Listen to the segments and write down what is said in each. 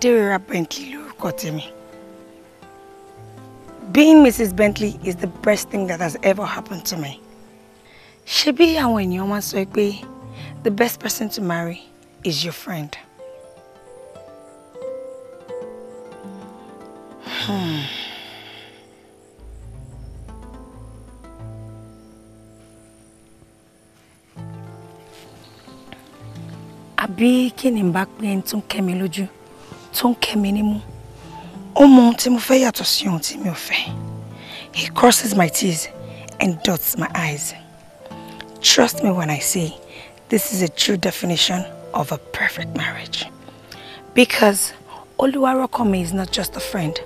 Aderera Bentley lórúkọ tèmi. Being Mrs. Bentley is the best thing that has ever happened to me. Ṣebí àwọn ènìyàn máa ń sọ pé the best person to marry is your friend. Hmm. Àbí kí ni n bá pé ń tún kẹ́ lójú? tó ń kẹ́ mi nímú ó mọ ohun tí mo fẹ́ yàtọ̀ sí tí mi ò fẹ́ he crosses my teeth and dots my eyes trust me when I say this is a true definition of a perfect marriage because Oluwarokome is not just a friend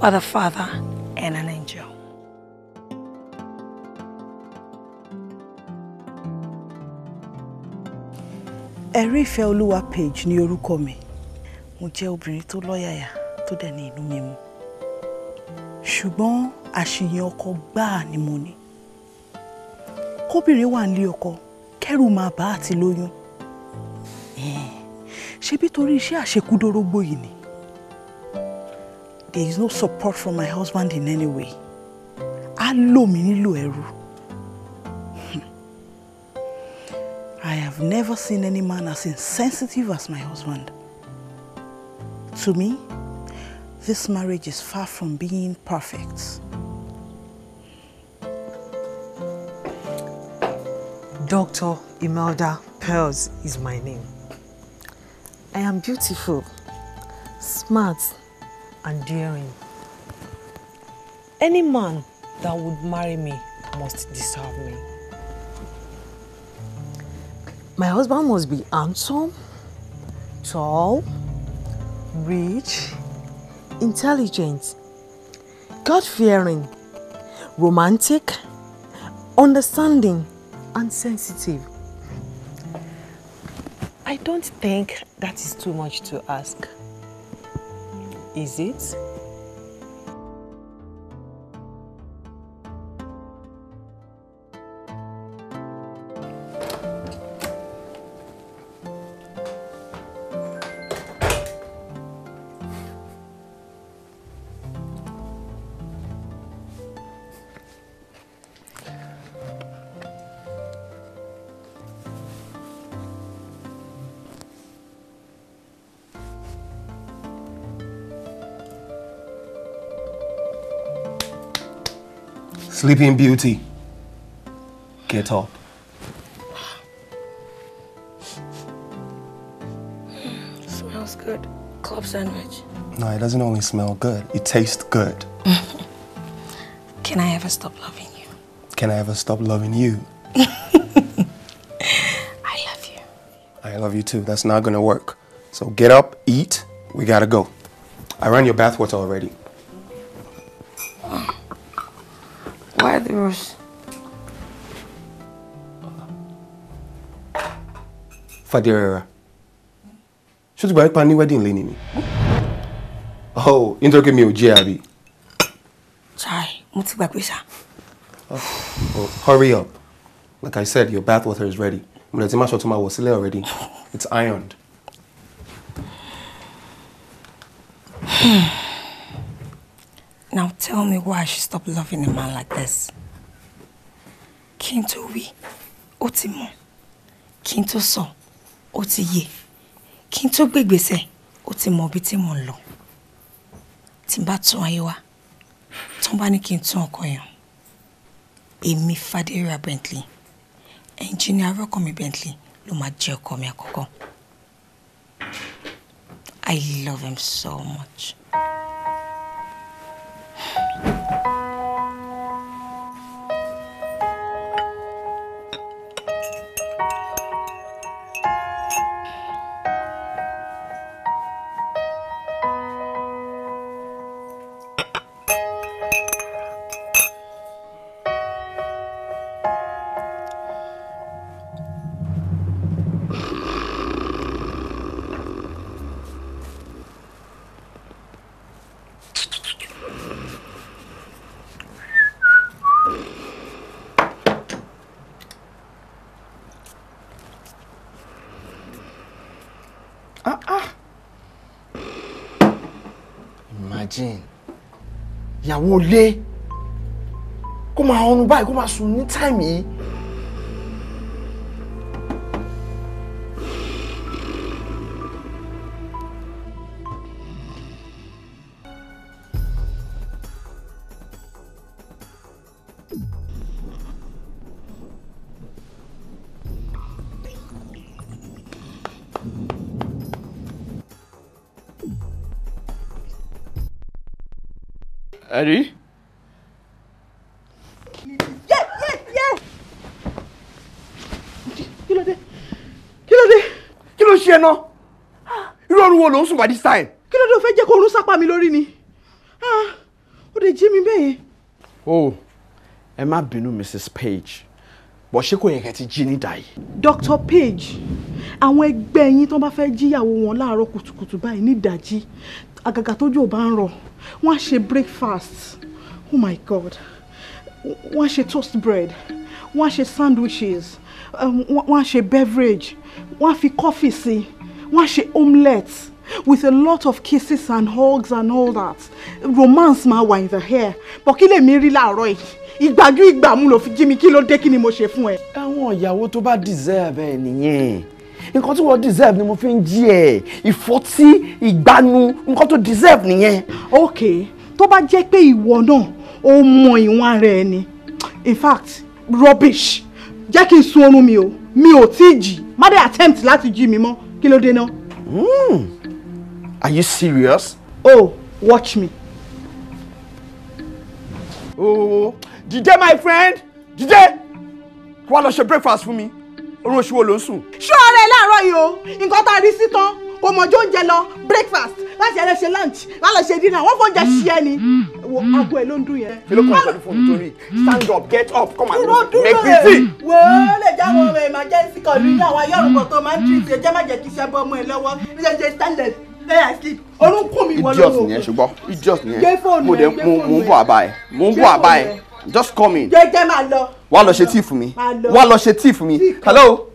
but a father and an angel. Ẹ̀rí ìfẹ́ Olúwa page ni orúkọ mo jẹ́ obìnrin tó lọ́yàyà tó dẹ̀ ní inú mi mu ṣùgbọ́n àṣìyàn ọkọ gbáà ni mo ní kóbìnrin wà nílé ọkọ kẹ́rù máa bá àti lóyún ṣebí torí iṣẹ́ àṣekúdórógbó yìí ni there is no support from my husband in any way á lò mí nílò ẹrú I have never seen any man as insensitive as my husband. To me, this marriage is far from being perfect. Dr. Imelda Pearls is my name. I am beautiful, smart, and daring. Any man that would marry me must deserve me. My husband must be handsome, tall, rich, intelligent, God fearing, romantic, understanding, and sensitive. I don't think that is too much to ask. Is it? Sleeping Beauty, get up. smells good. Club sandwich. No, it doesn't only smell good, it tastes good. Can I ever stop loving you? Can I ever stop loving you? I love you. I love you too. That's not gonna work. So get up, eat, we gotta go. I ran your bathwater already. Fàdérẹ́ra ṣó ti gbà nípa ní wedding lẹ́ni ni oh nítorí pé mi ò jẹ́ àbí. chai mo ti gbàgbé ṣá. Oh, oh, hurry up like I said your bath water is ready mo lè ti má ṣọ tó máa wọ̀ sílẹ̀ already it's ironed. Now tell me why she should stop loving a man like this. Kí n tó wí, ó ti mọ̀. Kí n tó sọ, ó ti yè kí n tó gbègbèsè ó ti mọ ibi tí mò ń lọ tí n bá tún ayé wa tán bá ní kí n tún ọkọ yàn èmi Fadéra Bentley ẹnjìnìá Rọ́kànmí Bentley ló máa jẹ́ ọkọ mi àkọ́kọ́ I love him so much. àwọn olé kó máa ọrùn báyìí kó máa sùn ní táìmì yìí Ready? yes, yes! yeah. Kí ló dé? Kí ló You don't want ṣe ẹ by this time? Kí ló dé o fẹ́ jẹ́ kó oorun sápá mi ni? Ah, ó lè jí mi bẹ́ẹ̀ yẹn. O ẹ Mrs. Page but ṣé kò yẹ kẹ́ ti jí Dr. Page àwọn ẹgbẹ́ yín tó bá fẹ́ jíyàwó wọn láàárọ̀ kùtùkùtù báyìí ní àgàgà tójú ò bá ń rọ̀ wọ́n á ṣe breakfast oh my god wọ́n á ṣe toast bread wọ́n á ṣe sandwiches um, wọ́n á ṣe beverage wọ́n á fi coffee sí wọ́n á ṣe omelette with a lot of kisses and hugs and all that romance máa wà in the hair but kí lèmi rí láàárọ̀ yìí ìgbájú ìgbàmú ló fi jí mi kí ló dé kí ni mo ṣe fún ẹ. àwọn ìyàwó tó bá deserve ẹ nìyẹn nǹkan tí wọ́n deserve ni mo fi ń jí ẹ̀ ìfọ́tí ìgbanu nǹkan tó deserve nìyẹn. ok tó bá jẹ́ pé ìwọ náà ó mọ ìwọ̀n ara ẹ ni in fact rubbish jẹ́ kí n sun oorun mi o mi ò tí ì jí má dé attempt láti jí mi mọ́ kí ló dé náà. Hmm. are you serious. oh watch me. oh dìde my friend dìde wá lọ ṣe breakfast fún mi orun oṣù wo ló ń sùn. ṣọ́ọ́ báyìí láàárọ̀ yìí o nǹkan tá a rí sí tán kò mọ̀jọ́ oúnjẹ lọ breakfast láti ẹlẹ́ ṣe lunch wọ́n lọ ṣe dinner wọ́n fọ́njẹ ṣí ẹ ni mm-hmm. wo aago ẹ ló ń dún yẹn. kìlọ̀ kan ìgbàlú fún mi torí stand up get up come and make me see. wo lè já mm-hmm. àwọn ọmọ emergency kan ní àwọn ayọ́rùkọ̀ tó máa ń tì í ṣe jẹ́ má jẹ́ kí iṣẹ́ bọ́ ọmọ ẹ lọ́wọ́ ní ṣe ṣe stand up there i sleep orúnkún mi wọlé o. idiot nìyẹn ṣùgbọ́n idiot nìyẹn mo dé mo ń bọ̀ àbá ẹ̀ mo ń bọ̀ àbá ẹ̀ just come in. jẹjẹ máa lọ. wá lọ ṣe tíì fún mi wá lọ ṣe tíì fún mi hello.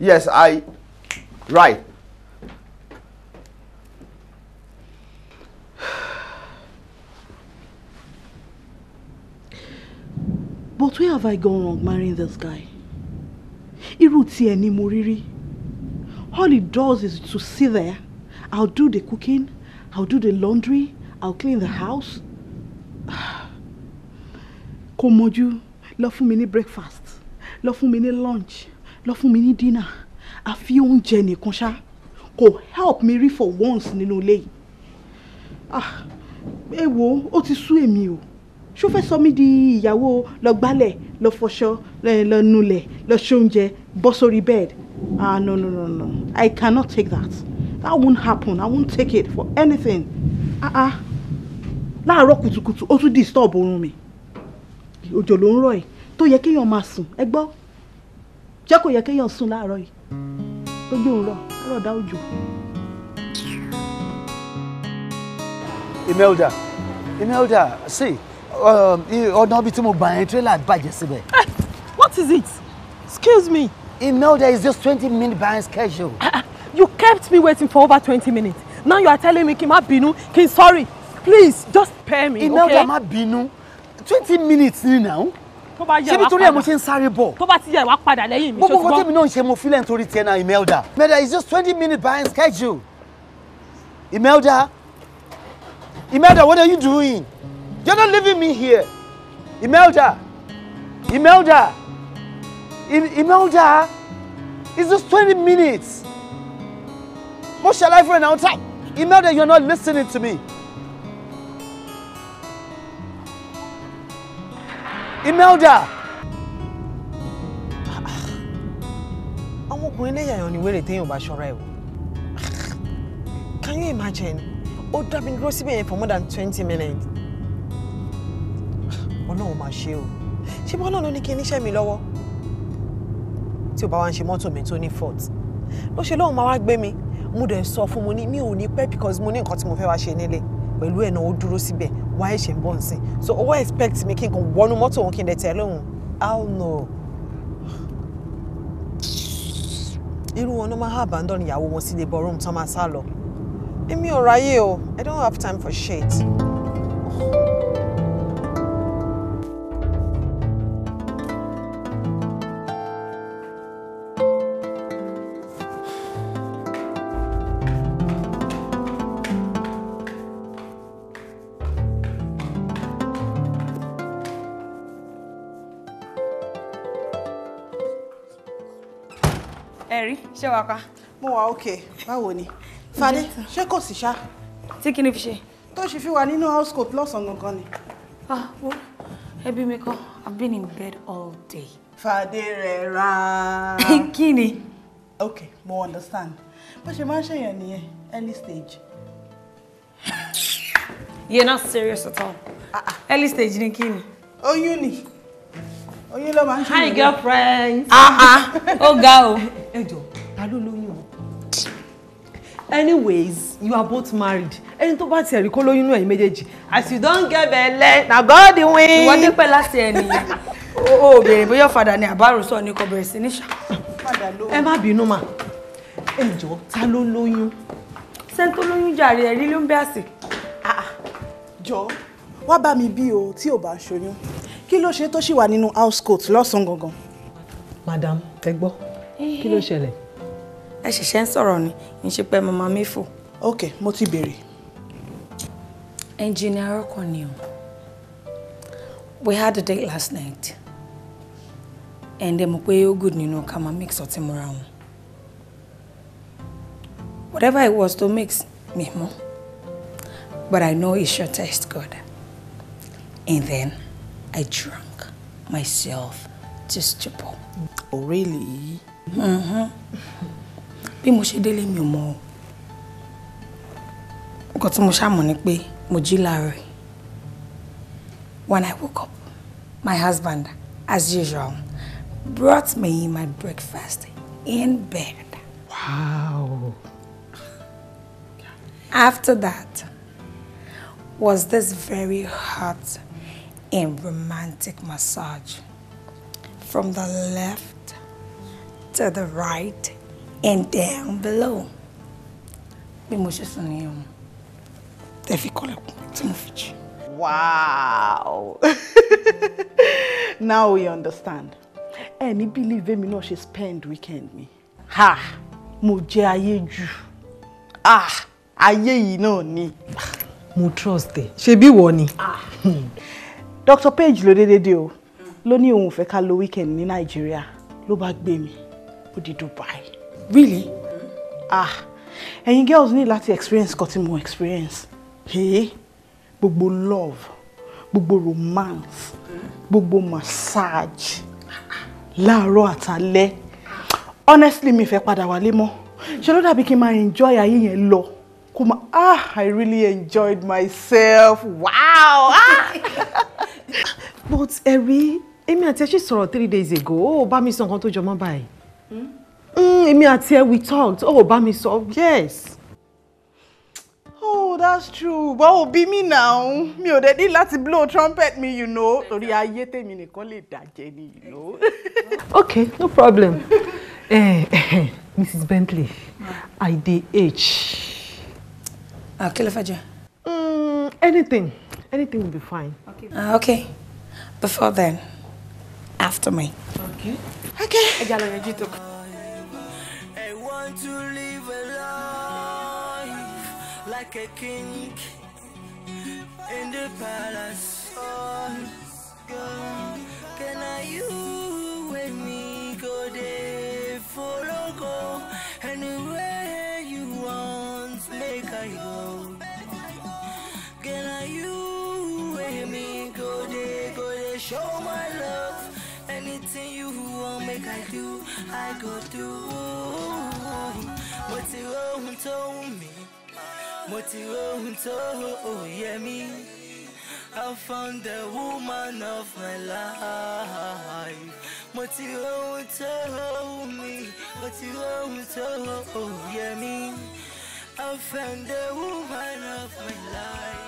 Yes, I. Right. But where have I gone wrong marrying this guy? Irú tiẹ̀ ni mo rí All he does is to sit there. I'll do the cooking. I'll do the laundry. I'll clean the house. Kò mọ̀jú, lọ fún mi ní breakfast, lọ fún mi ní lunch lọ fún mi ní A àfi oúnjẹ nìkan ṣá kò help me rí for once nínú ilé yìí ah ẹ wo ó ti sú èmi o ṣó fẹ́ sọ mí di ìyàwó lọ gbálẹ̀ lọ fọṣọ lọ nulẹ̀ lọ ṣoúnjẹ bọ́ sórí bed ah no no no no I cannot take that that won't happen I won't take it for anything ah ah láàárọ̀ kùtùkùtù ó tún disturb oorun mi òjò ló ń rọ̀ ẹ̀ tó yẹ kéèyàn máa sùn ẹ gbọ́ jẹ́ kó yẹ kéèyàn sùn láàárọ̀ yìí lójú ń rọ ọ̀rọ̀ dá òjò. Imelda Imelda see um, ọ̀nà ibi tí mo gbà yẹn tírélà bàjẹ́ síbẹ̀. Eh, what is it? Excuse me. Imelda is just twenty minutes behind schedule. Ah, ah, you kept me waiting for over twenty minutes now you are telling me kí n má bínú sorry please just spare me. Imelda má bínú twenty minutes ni now tó bá yẹ wá padà ṣé nítorí ẹ mo ṣe ń sáré bọ̀ tó bá ti yẹ wá padà lẹ́yìn mi ṣó ti bọ́ gbogbo tèmi náà ń ṣe mo filẹ̀ nítorí tiẹ̀ náà Imelda Imelda is just twenty minutes behind schedule Imelda Imelda what are you doing you're not leaving me here Imelda Imelda Imelda it's just twenty minutes mo ṣàlàyé fún ẹ náà Imelda you're not listening to me. Imelda àwọn ọkùnrin lẹ́yà ẹ̀yàn ni wẹ́rẹ̀ téèyàn bá ṣọ́ra ẹ̀ wò can you imagine ó dá mi dúró for more than 20 minutes ọlọ́run máa ṣe o ṣé bọ́ọ̀ náà ló ní kí n níṣẹ́ mi She tí to bá wá ń ṣe mọ́tò mi tó ní fault ló ṣe lóun máa wá gbé mi mo dẹ̀ sọ fún mo ní mi because mo ní nǹkan tí mo fẹ́ wá pẹ̀lú ẹ̀ náà ó dúró síbẹ̀ wáyé ṣe ń bọ̀ nsìn so owó expect mi kí n kàn wọnú mọ́tò òun kí n dẹ̀ tẹ̀ lóhùn how no irú wọn náà máa ha abandon ìyàwó wọn sílé ballroom tán máa sá lọ èmi ò ráyè o I don't have time for shit. ṣé wàá pa. mo wà okay báwo ni fadé ṣé kò sí ṣá. tí kí fi ṣe. tó ṣe fi wà nínú house coat lọ́sàn-án gangan ni. ah wo ẹbí mi kọ́ I've been in bed all day. fadé rẹ̀ ra. kí ni. okay mo understand bó ṣe máa ń ṣèyàn nìyẹn early stage. You're not serious at all. Uh -uh. Early stage ni kí ni. Oyún ni. Oyún ló máa ń ṣe. Hi girlfriend. Ah ah. Ó ga o. Ẹ jọ̀ọ́ ta ló lóyún o anyways you are both married ẹni tó bá tiẹ̀ rí kó lóyún náà ẹ̀yin méjèèjì as you don get belle na God win. ìwọ dípẹ́ láti ẹni o ò béèrè bóyá fàdà ni àbárò sọ ni kò bẹ̀rẹ̀ sí ní ṣá. ẹ má bínú mà ẹ jọ ta ló lóyún. sẹ́ni tó lóyún jàre ẹ̀rí ló ń bẹ́ àsè. Ah, ah. jọ wá bá mi bí o tí ò bá ṣoyún kí ló ṣe tó ṣì wà nínú house coat lọ́sàn-án gangan. madam ẹ gbọ́ kí ló ṣẹlẹ̀ ẹ ṣẹ̀ṣẹ̀ ń sọ̀rọ̀ ni ń ṣe pé mama méfò. ok mo ti béèrè. ẹnjìnìá ọkọ ni o we had a date last night and ẹ mọ̀ pé ó good nínú ká máa mix ọtí mọ́ra wọn whatever it was to mix me mọ́ but I know it sure taste good and then I drank myself to stupor. Oh really? Mm-hmm. bí mo ṣe délé mi ò mọ̀ o nǹkan tí mo ṣàmọ̀ pé mo ni pe mo ji when I woke up my husband as usual brought me my breakfast in bed. Wow. After that was this very hot and romantic massage from the left to the right and down below. bí mo ṣe sùn nìyẹn o tẹ fi kọlẹ̀kùn tí mo fi jí. wow now we understand ẹ ní believe èmi náà ṣe spend weekend mi ha mo jẹ ayé jù ah ayé yìí náà ni. mo trust ẹ ṣebí ìwọ ni. Ah. Dr. Page ló dédédé o ló ní òun fẹ́ ká lo weekend ní Nàìjíríà ló bá gbé mi ó di Dubai really ah and you girls ní láti experience cutting more experience hey bubu love bubu romance bubu massage La ro àtàlẹ́ honestly me fẹ́ padà wálé mọ́ ṣe ló dàbí kí n enjoy a yẹn lo. Kuma ah I really enjoyed myself wow ah. but ẹ̀rí èmi àti ẹ̀ ṣì sọ̀rọ̀ three days ago Oh, ba mi sọ nǹkan tó jọ mọ́ Mm, èmi àti ẹ we talked Oh, bá mi yes. Oh, that's true. But ò bí mi náà. Mi ò dẹ̀ ní blow trumpet me, you know. Torí ayé tèmi call it that Jenny, you know. Okay, no problem. eh, eh Mrs. Bentley, I dey age. Ah, kí ló mm, Anything. Anything will be fine. Okay. Uh, okay. Before then, after me. Okay. Okay. Ẹ jẹ́ àlọ́ yẹn learn to live a life like a king in the palace. Oh, God, can I you with me go there follow go anywhere you want? Make I go. Can I you with me go there go there show my love? Anything you want, make I do, I go do ti rohun me, wù mí mo ti I found the woman of my life mo ti me, tó wù mí mo I found the woman of my life.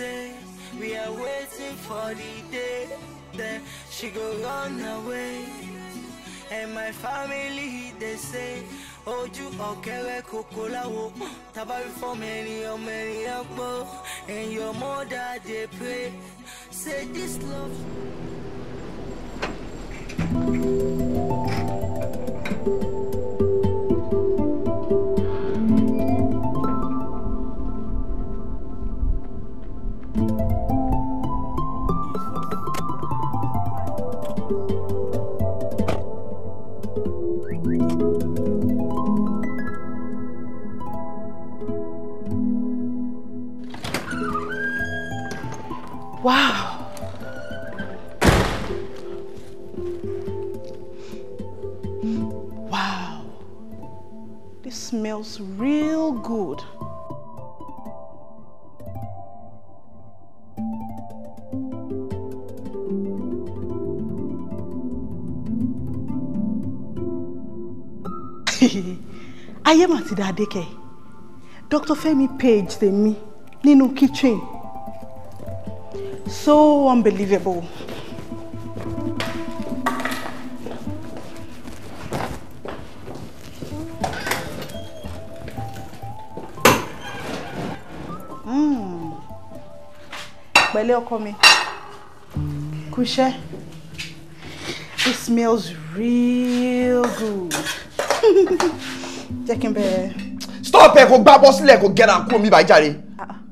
say we are waiting for the day that she go run away. And my family they say ojú ọ̀kẹ́rẹ́ kòkó oh, tábà for many, oh, many, pọ̀ and your mother they pray say this love. ayé mà ti dáadé kẹ Dr. Femi Page tèmi nínú kitchen so unbelievable. Hmm. pẹ̀lẹ́ ọkọ mi kúṣẹ́ it smells real good. jẹ́ kí n bẹ. stop ẹ kò gbá bọ́ sílẹ̀ kò gẹ̀rà kúrò mi bàá jàre.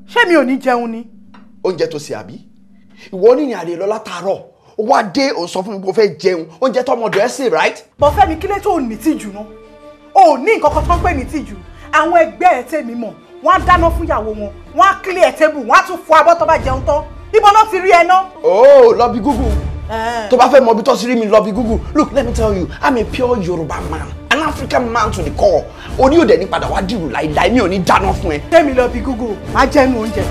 ṣé mi ò ní jẹun ni. oúnjẹ tó ṣe àbí ìwọ ní ìrìn àrè lọ látàárọ̀ ó wá dé ò sọ fún mi kó fẹ́ jẹun oúnjẹ tó ọmọdé ẹ sè right. bọ́ fẹ́mi kílẹ̀ tó ní tìjú ná o ní nǹkan kan tó ń pè ní tìjú àwọn ẹgbẹ́ ẹ̀ tèmi mọ̀ wọ́n á dáná fún ìyàwó wọn wọ́n á clear table wọ́n á tún fọ abọ́ tó bá jẹun tán ibo náà ti rí ẹ ná. ooo oh, lọ bí google eh. tó bá fẹ́ mọ ibi tó rí mi lọ bí google look let me tell you i'm a pure Yoruba man an african man to the core oní òde ní padà wá dìrù láìláì mi ò ní dáná fún ẹ. E. tẹ́mi lọ bí gógó máa jẹ́nu oúnjẹ.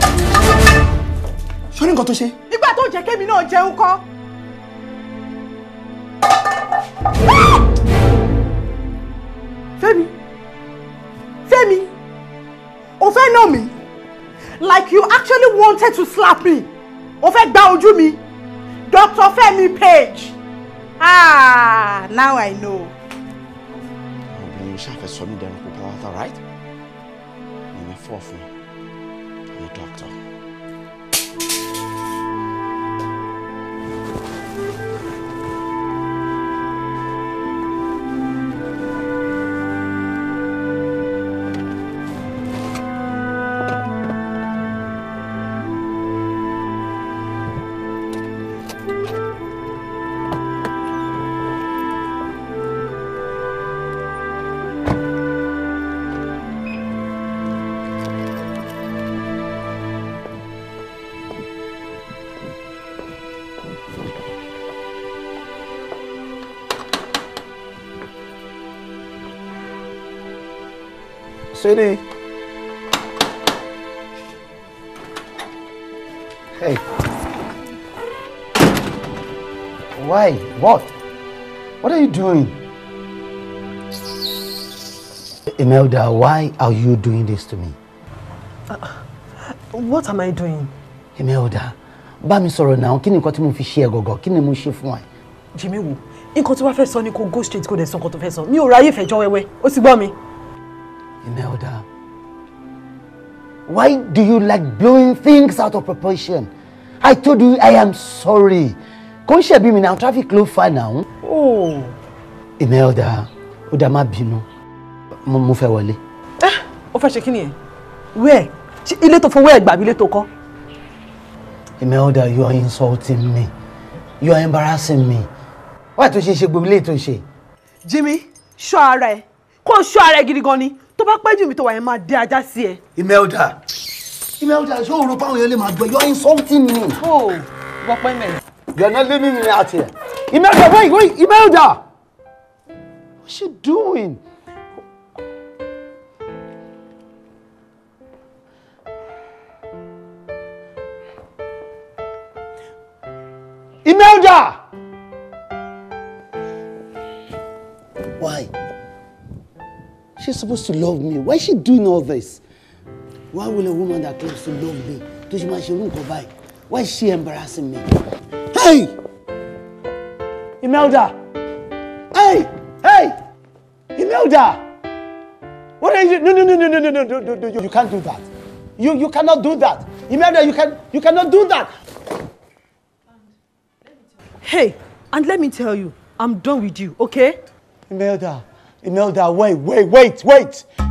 ṣó ní nǹkan tó ṣe. nígbà tó jẹ́ kémi náà jẹun kọ́. Fẹ́mi Fẹ́mi o fẹ́ nà mí like you actually wanted to slap me o fẹ́ gba ojú mi Dr. Fẹ́mi Page ah now I know ṣàfẹ́ sọ mí dẹnu kó pàápàá right ìyẹn fọ́ fún kéré. Hey. Why? What? What are you doing? Imelda, why are you doing this to me? Uh, what am I doing? Imelda, ba mi sọ̀rọ̀ náà kí ni nǹkan tí mo fi ṣe ẹ gọ̀gọ̀ kí ni mo ṣe fún ẹ. Jimmy wo nǹkan tí wàá fẹ́ sọ ni kó go straight kó dẹ̀ sọ nǹkan tó fẹ́ sọ mi ò ráyè fẹjọ́ wẹ́wẹ́ ó ti gbọ́ mi. Imelda, knelt Why do you like blowing things out of proportion? I told you I am sorry. Kò ń ṣẹ̀bi mi náà traffic ló fà now? Oh. Imelda, ó dá má bínú. Mo fe wọlé. Eh, ah, o fẹ́ ṣe kí ni ẹ̀? Where? Ṣé ilé tó fowó ẹ̀ gbàbí ilé tó kọ́? Imelda, you are insulting me. You are embarrassing me. Wá tó ṣe ṣe gbogbo ilé tó ṣe. Jimmy, ṣọ́ ara ẹ. Kó o ṣọ́ gidi gan ni tó bá pẹ́ jù mí tó wà yẹn máa dé ajá sí ẹ. Imelda Imelda ṣé òru báwọn yẹn lè máa gbẹ yọ insulting me. o wọpẹ mẹ. yẹnna lé mi nìyẹn àti ẹ Imelda wait wait Imelda what she doing. Imelda! Why? She's supposed to love me. Why is she doing all this? Why will a woman that claims to love me do she man she won't go by? Why is she embarrassing me? Hey! Imelda! Hey! Hey! Imelda! What are you? No, no, no, no, no, no, no, no, no, no, no. You can't do that. You, you cannot do that. Imelda, you, can, you cannot do that. Hey, and let me tell you, I'm done with you, okay? Imelda. You know that way. Wait, wait, wait. wait.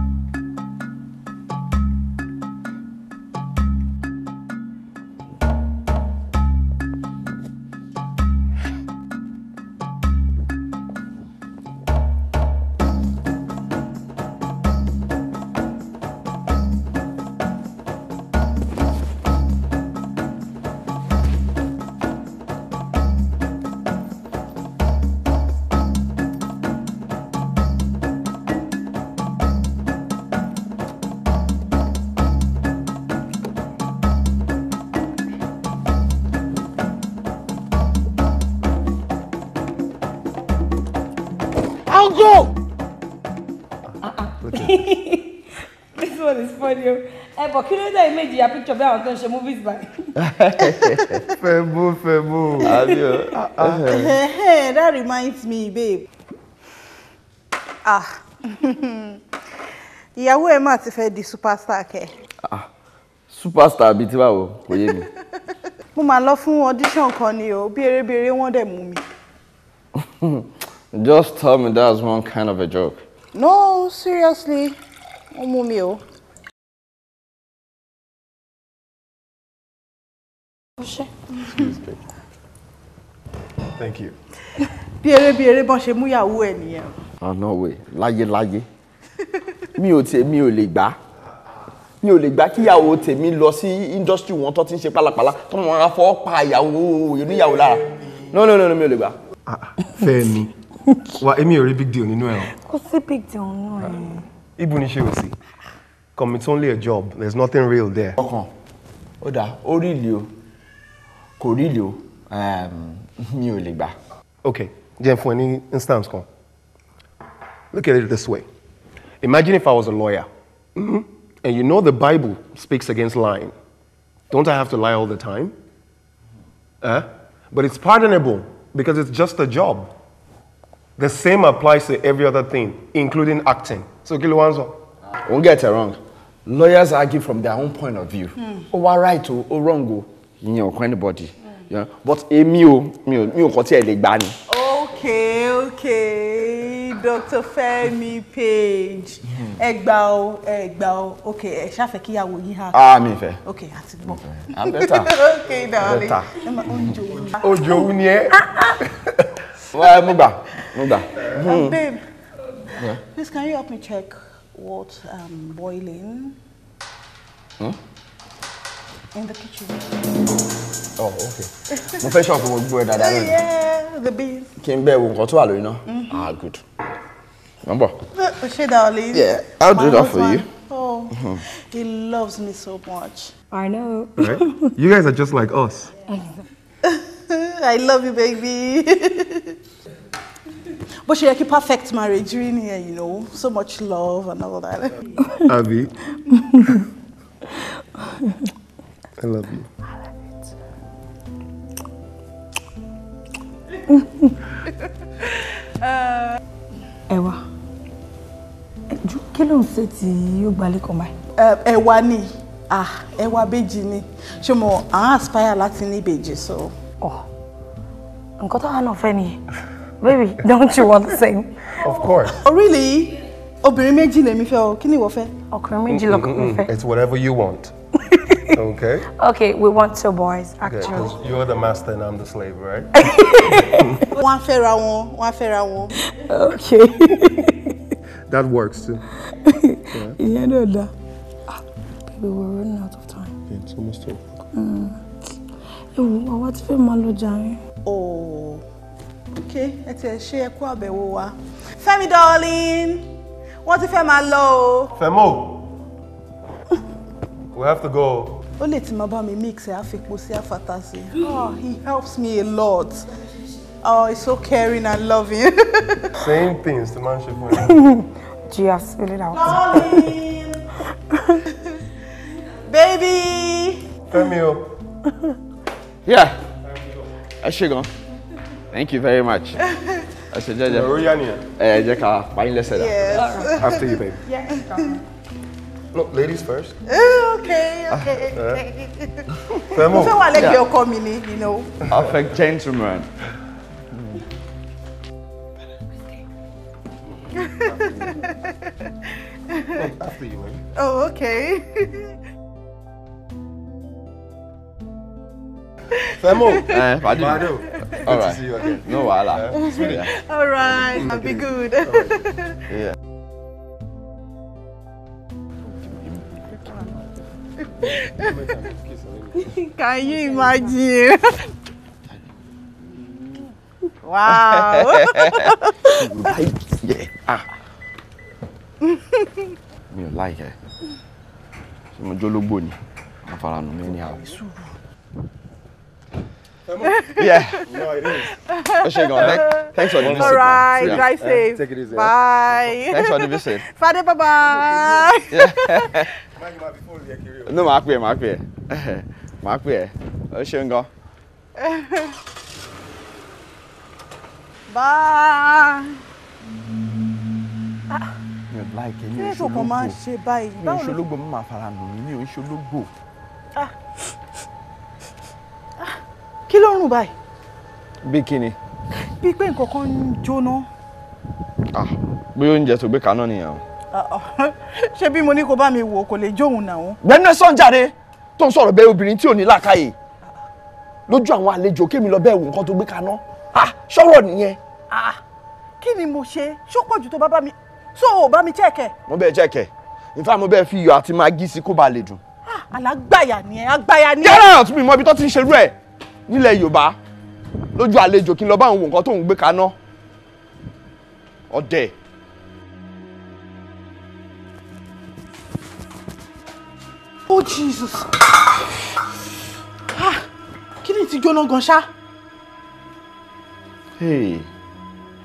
picture yìí méjì ya picture bí àwọn tó ń ṣe movies báyìí. fẹ́mú fẹ́mú àbí o. Ah, ah. that reminds me babe. ah ìyàwó ẹ̀ máa ti fẹ́ di superstar kẹ. ah superstar bíi tí báwo kò yé mi. mo máa lọ fún audition kan ni o bí erébèrè wọ́n dẹ̀ mú mi. just tell me that's one kind of a joke. no seriously ó mú mi o. Thank you. Bí eré bí eré bọ́n ṣe mú Oh no way, láyéláyé. Mi ò tẹ̀ mi ò lè gbà. Mi ò lè gbà kí ìyàwó tèmi lọ sí industry wọn tó ti palapala. ṣe pálapàla tó wọn á fọwọ́ pa ìyàwó oníyàwó lára. No no no no mi ò Ah, gbà. Ah, Fẹ́ẹ̀ni, wa èmi ò rí big deal nínú ẹ̀ o. Kò sí big deal nínú ẹ̀. Ah, Ibu ni ṣe o sí. Come it's only a job, there's nothing real there. Ọkàn, Oda, dáa, ó rí ìlú kò rí lò ok jẹ́ for any instance come look at it this way imagine if I was a lawyer mm-hmm. and you know the Bible speaks against lying don't I have to lie all the time eh? but it's pardonable because it's just a job the same applies to every other thing including acting so kí sọ. don't get it wrong lawyers argue from their own point of view ó hmm. oh, right oh, oh, wrong oh. ìyẹn ọ̀kan anybody but èmi ò mi ò mi tí ẹ lè gbà ni. ok ok Dr. Femi Page hmm. ẹ gbà ọ ẹ gbà ọ ok ẹ ṣàfẹ́ kíyàwó yín hà. a ah, mi fẹ́. ok àti gbọ́. ok darling ẹ máa ń jò wọ́n. ojo òun ni ẹ. Ah, ah, wá mo gbà mo gbà. Um, hmm. babe please can you help me check what i'm um, boiling. Hmm? in the kitchen. oh okay mo fẹ́ sọ̀rọ̀ pé mo gbọ́ e dáadáa lónìí. yeah the beans. kí n bẹ́ẹ̀ wo nǹkan tó wà lórí náà. Mm-hmm. ah good. Remember? Shade Olive. Yeah, I'll do it all for you. Oh, he mm-hmm. loves me so much. I know. Right? You guys are just like us. I love you, baby. But she like a perfect marriage, really, you know. So much love and all that. Abby. I love you. I love you too. Ẹ̀wà, ẹ̀jú kí ló ń ṣe tí ó gbalẹ̀ kan báyìí? Ẹ̀wà ni, ah, ẹ̀wà bèjì ni, ṣé mo à aspire láti ní ìbejì so. Nǹkan táwa náà fẹ́ nìyẹn. Baby, don't you want the same? Of course. Oh, really? Obìnrin méjì lèmi fẹ́ o, kini ni ìwọ fẹ́? Ọkùnrin méjì lọkùnrin fẹ́. It's whatever you want okay. Okay, we want two boys actually. Okay, you're the master and I'm the slave, right? One fẹ́ra one, one fẹ́ra one. Okay. That works too. Yeah, no, no. Baby, we're running out of time. Yeah, it's almost two. Mm. Ewu, àwa ti fẹ́ máa Oh. Okay, ẹ ti ẹ ṣe ẹ kú àbẹ̀wò wa. Fẹ́mi darling, wọ́n ti fẹ́ máa lọ we have to go ó lè ti máa bá mi mix ẹ̀ àfipò sí àfàtà sí oh he helps me a lot oh he's so caring and loving. same things to man ṣe fún ẹ. Gia spill it out. darling baby. Fẹ́mi o. yeah ẹ ṣe gan thank you very much. I said, yeah, yeah. Ẹ jẹ́ ká pa yín lẹ́sẹ̀ dà. After you, baby. Yeah. Look, ladies first. okay, okay, uh, okay. Mo fẹ́ wà lẹ́gbẹ̀ẹ́ you know. Perfect gentleman. After you, eh? Oh, okay. Femo. Eh, Fadi. Mado. All right. To see you again. No, wala. Yeah. All right. Mm, I'll be good. Right. Yeah. Can you imagine? wow. right, yeah. Ah. mi ò láì ẹ ṣe mo jólógbò ni mo fara nù àwọn. yeah. No, gan, thank, thanks for the visit. All right, yeah. drive safe. Take Bye. Thanks for the visit. Father, bye-bye. Yeah. no oh, máa pè é máa pè é máa pè é ó ṣeun gan. bá a láìké ní ìṣológbò ní ìṣológbò mo máa fara nù mí ní Ah. kí ló ń rùn báyìí. bí kíni. bíi pé nǹkan kan ń jóná. Ah, bóyá oúnjẹ tó gbé kaná nìyẹn o. ṣé bí mo ní kó bá mi wò kò lè jóhùn náà. gbẹ́nu ẹ̀sán jáde tó ń sọ̀rọ̀ bẹ́ẹ̀ obìnrin tí ò ní làákàyè lójú àwọn àlejò kémi lọ bẹ́ẹ̀ wò nǹkan tó gbé kaná ṣọ́rọ̀ nìyẹn. kí ni mo ṣe ṣọ́pọ̀jù tó bá bá mi so ò bá mi chẹ́ẹ̀kẹ̀. mo bẹ́ẹ̀ chẹ́ẹ̀kẹ̀ nfa mo bẹ́ẹ̀ fi iyọ̀ àti magi sí kó ba lè dùn. alágbàyà ni ẹ agbáyà ni ẹ. yàrá àtúmí mọ ibi tó ti ń ṣerú ẹ Oh Jesus! Ah, kí ni ti jóná gan ṣá? Hey,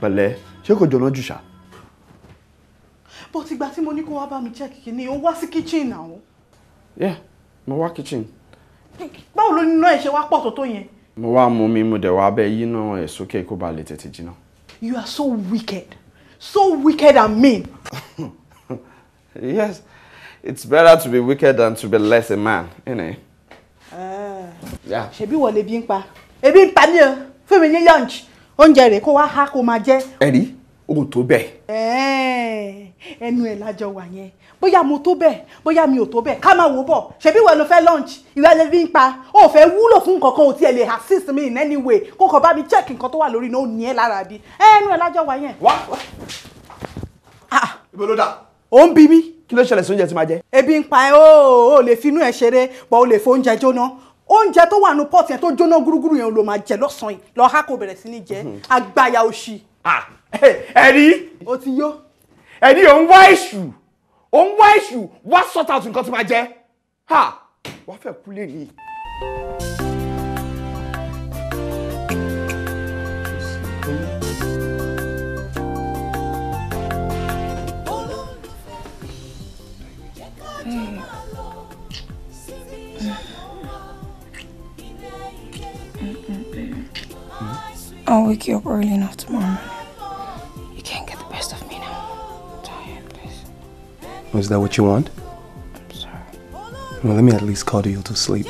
pẹ̀lẹ́, ṣé kò jóná jù ṣá? Bó ti gba tí mo ní kó wá bá mi jẹ́ kìkì ni, ó wá sí kitchen náà. Yeah, mo wá kitchen. Báwo ló níná ẹ̀ ṣe wá pọ̀ tó tó yẹn? Mo wá mú mi mo dẹ̀ wá bẹ́ yí náà sókè kó ba lè tètè jiná. You are so wicked, so wicked and mean. yes it's better to be wicked than to be less a man ah. you know. ṣebí wọ lè bí ń pa ebi ń pa ní o fún mi ní lunch oúnjẹ rẹ kó wá há kó máa jẹ. ẹ rí o tó bẹ́ẹ̀. ẹnu ẹ̀ lájọ wà yẹn bóyá mo tó bẹ́ẹ̀ bóyá mi ò tó bẹ́ẹ̀ ká máa wò bọ̀ ṣebí wọ́n ló fẹ́ lunch ìwé ẹni fi ń pa ó fẹ́ wúlò fún nǹkan kan ò tiẹ̀ lè assist me in any way kó kàn bá mi check nǹkan tó wà lórí náà ó ní ẹ lára bí ẹnu ẹ̀ lájọ wà yẹn. wá wá. Ah. ibo ló dà. ó ń bí mi kí ló ṣẹlẹ̀ sóúnjẹ tí máa jẹ. ebi ń pa ẹ o ò lè finú ẹ ṣeré pọ̀ o lè fóúnjẹ jóná oúnjẹ tó wà nù pọ́ọ̀tì yẹn tó jóná gúrúgúrú yẹn ló máa jẹ lọ́sàn-án yìí lọ́ọ́ hákò bẹ̀rẹ̀ sí ní jẹ àgbáyà òṣì. ẹ̀rí. o ti yó. ẹ̀rí ò ń wá èṣù ò ń wá èṣù wá sọ́tà ọ̀tún nǹkan tí máa jẹ. wàá fẹ́ kú lé nìyí. I'll wake you up early enough tomorrow You can't get the best of me now. tired, please. Is that what you want? I'm sorry. Well, let me at least call you to sleep.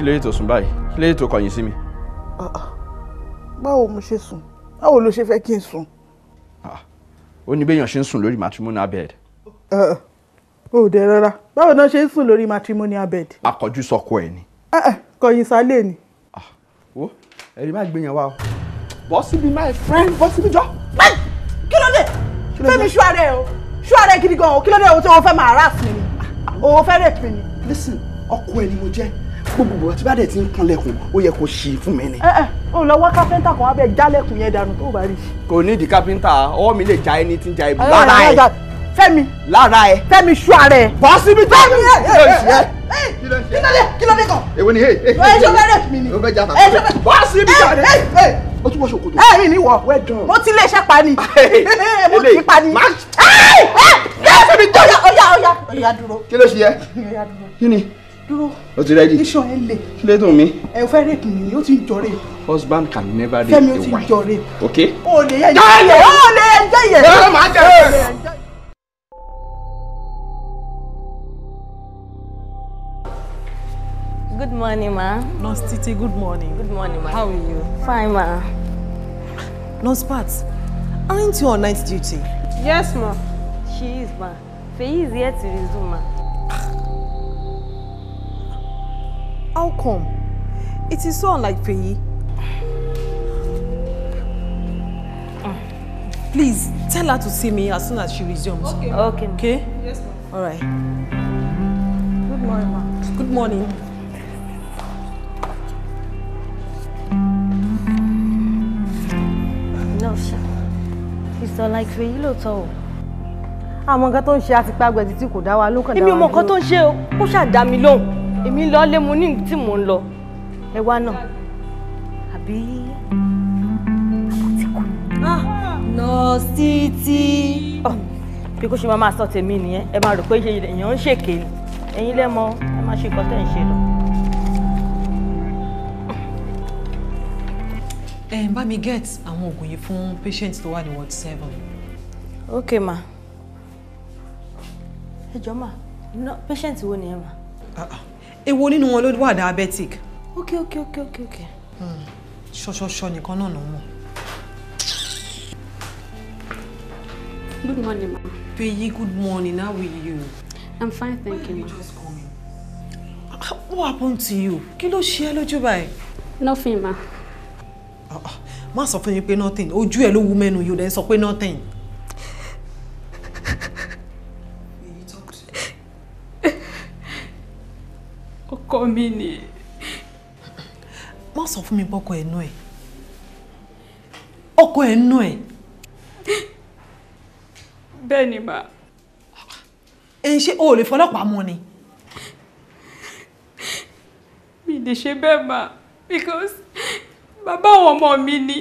kí lóye tó sùn báyìí kí lóye tó kọ̀yìn sí mi. Ah, ah. báwo mo ṣe sùn báwo ló ṣe fẹ́ kí n sùn. Ah, ó ní béèyàn ṣe ń sùn lórí matrimonial bed. ó dẹ̀ rárá báwo náà ṣe ń sùn lórí matrimonial bed. akọjú sọkọ ẹ ni. kọ̀yìn sálẹ̀ ni. wo ẹ̀rí má gbé yẹn wá o. bọ́ síbi my friend bọ́ síbi jọ. báyìí kí ló dé fẹ́mi ṣú ara ẹ o ṣú ara ẹ gidi gan o kí ló dé o tí wọ́n fẹ́ máa rà sí mi ni fẹ́ rẹ̀ pin ni. listen ọkọ ẹ ni mo jẹ́ gbogbo àti bá dẹ̀ ti ń kanlẹ̀kùn ó yẹ kó ṣí fún mi ni. ẹ ẹ ò lọ wá kápẹ́ńtà kan abẹ́ jálẹ̀kùn yẹn dànù tó bá rí. kò ní ìdí kápẹ́ńtà ọwọ́ mi lè já ẹni tí ń ja ibù eh, lára eh, ẹ eh, fẹ́mi lára ẹ fẹ́mi ṣú ara ẹ. bọ́ síbi tó ń lọ sí ẹ. kílódé kílódé kan. èwo ni ee. ẹ ṣọfẹ́ rẹ̀ mi ni. o fẹ́ jà tà. bọ́ síbi tó ń lọ. o tún wọ ṣòkòtò. ẹ mi ni wọ. well done. mo ti lè ṣe pani. mo ti pani. ẹ ẹ fẹ́mi tó. ọya ọya ọya. ọya dúró. kí ló ṣe yẹ. kí ni dúró. o ti rẹ́dì. iṣan ẹ le. kílẹ̀ dùn mí. ẹ fẹ́ rape mi o ti ń jọ rape. husband can never rape a wife. fẹ́mi o ti ń jọ rape. ok. o lè yẹ jẹ́ yẹ o lè yẹ jẹ́ yẹ. yọrọ màá jẹ yẹ. good morning ma. nurse titi good morning. good morning ma. how are you. fine ma. nurse pat aren't you on night duty. yes ma. she is ma. feyi is here to resume ma. How come? It is so unlike Feyi. Please tell her to see me as soon as she resumes. Okay. Okay. okay? Yes, ma'am. All right. Good morning, ma'am. Good morning. No, sir. It's not like Feyi lóòótọ́ o. Àwọn nǹkan tó ń ṣe àtipá gbẹ̀dì tí kò dá wa lókàn dá wa lóhùn. Èmi ò mọ nǹkan tó ń ṣe o, kó ṣáà mi lóhùn èmi lọ lé mo ní tí mò ń lọ ẹ wá náà àbí àbọ̀tí kù. Ah, nọ́ọ̀sì tí. Oh, bí kò ṣe máa máa sọ tèmi nìyẹn ẹ máa rò pé èèyàn ń ṣèké ni ẹ̀yin lẹ́mọ ẹ máa ṣe nǹkan tẹ̀ ń ṣe lọ. ẹ ń bá mi get àwọn oògùn yìí fún patient to wà ní ward seven. Okay, ma ẹ jọ ma no patient wo ni ẹ ma. Uh -uh. Ewo nínú wọn ló wà diabetic. ok ok ok ok ok. Hmm. ṣọṣọṣọ nìkan náà nà mọ. good morning ma. Peyi good morning how are you. i'm fine thank you ma. what happened to you kí ló ṣe ẹ́ lójú báyìí. nothing ma. Ah, ah. má sọ fún mi pé nothing ojú ẹ ló wú mẹ́nu yóò dẹ́ sọ pé nothing. ọkọ ni. má sọ fún mi pọ́kọ ẹ̀ nú ẹ̀ ọkọ ẹ̀ ẹ̀. bẹ́ẹ̀ ni mà. ẹ̀ ṣe o ò lè fọlọ́pàá mọ́ ni. mi lè ṣe bẹ́ẹ̀ mà because bàbá àwọn ọmọ mi ni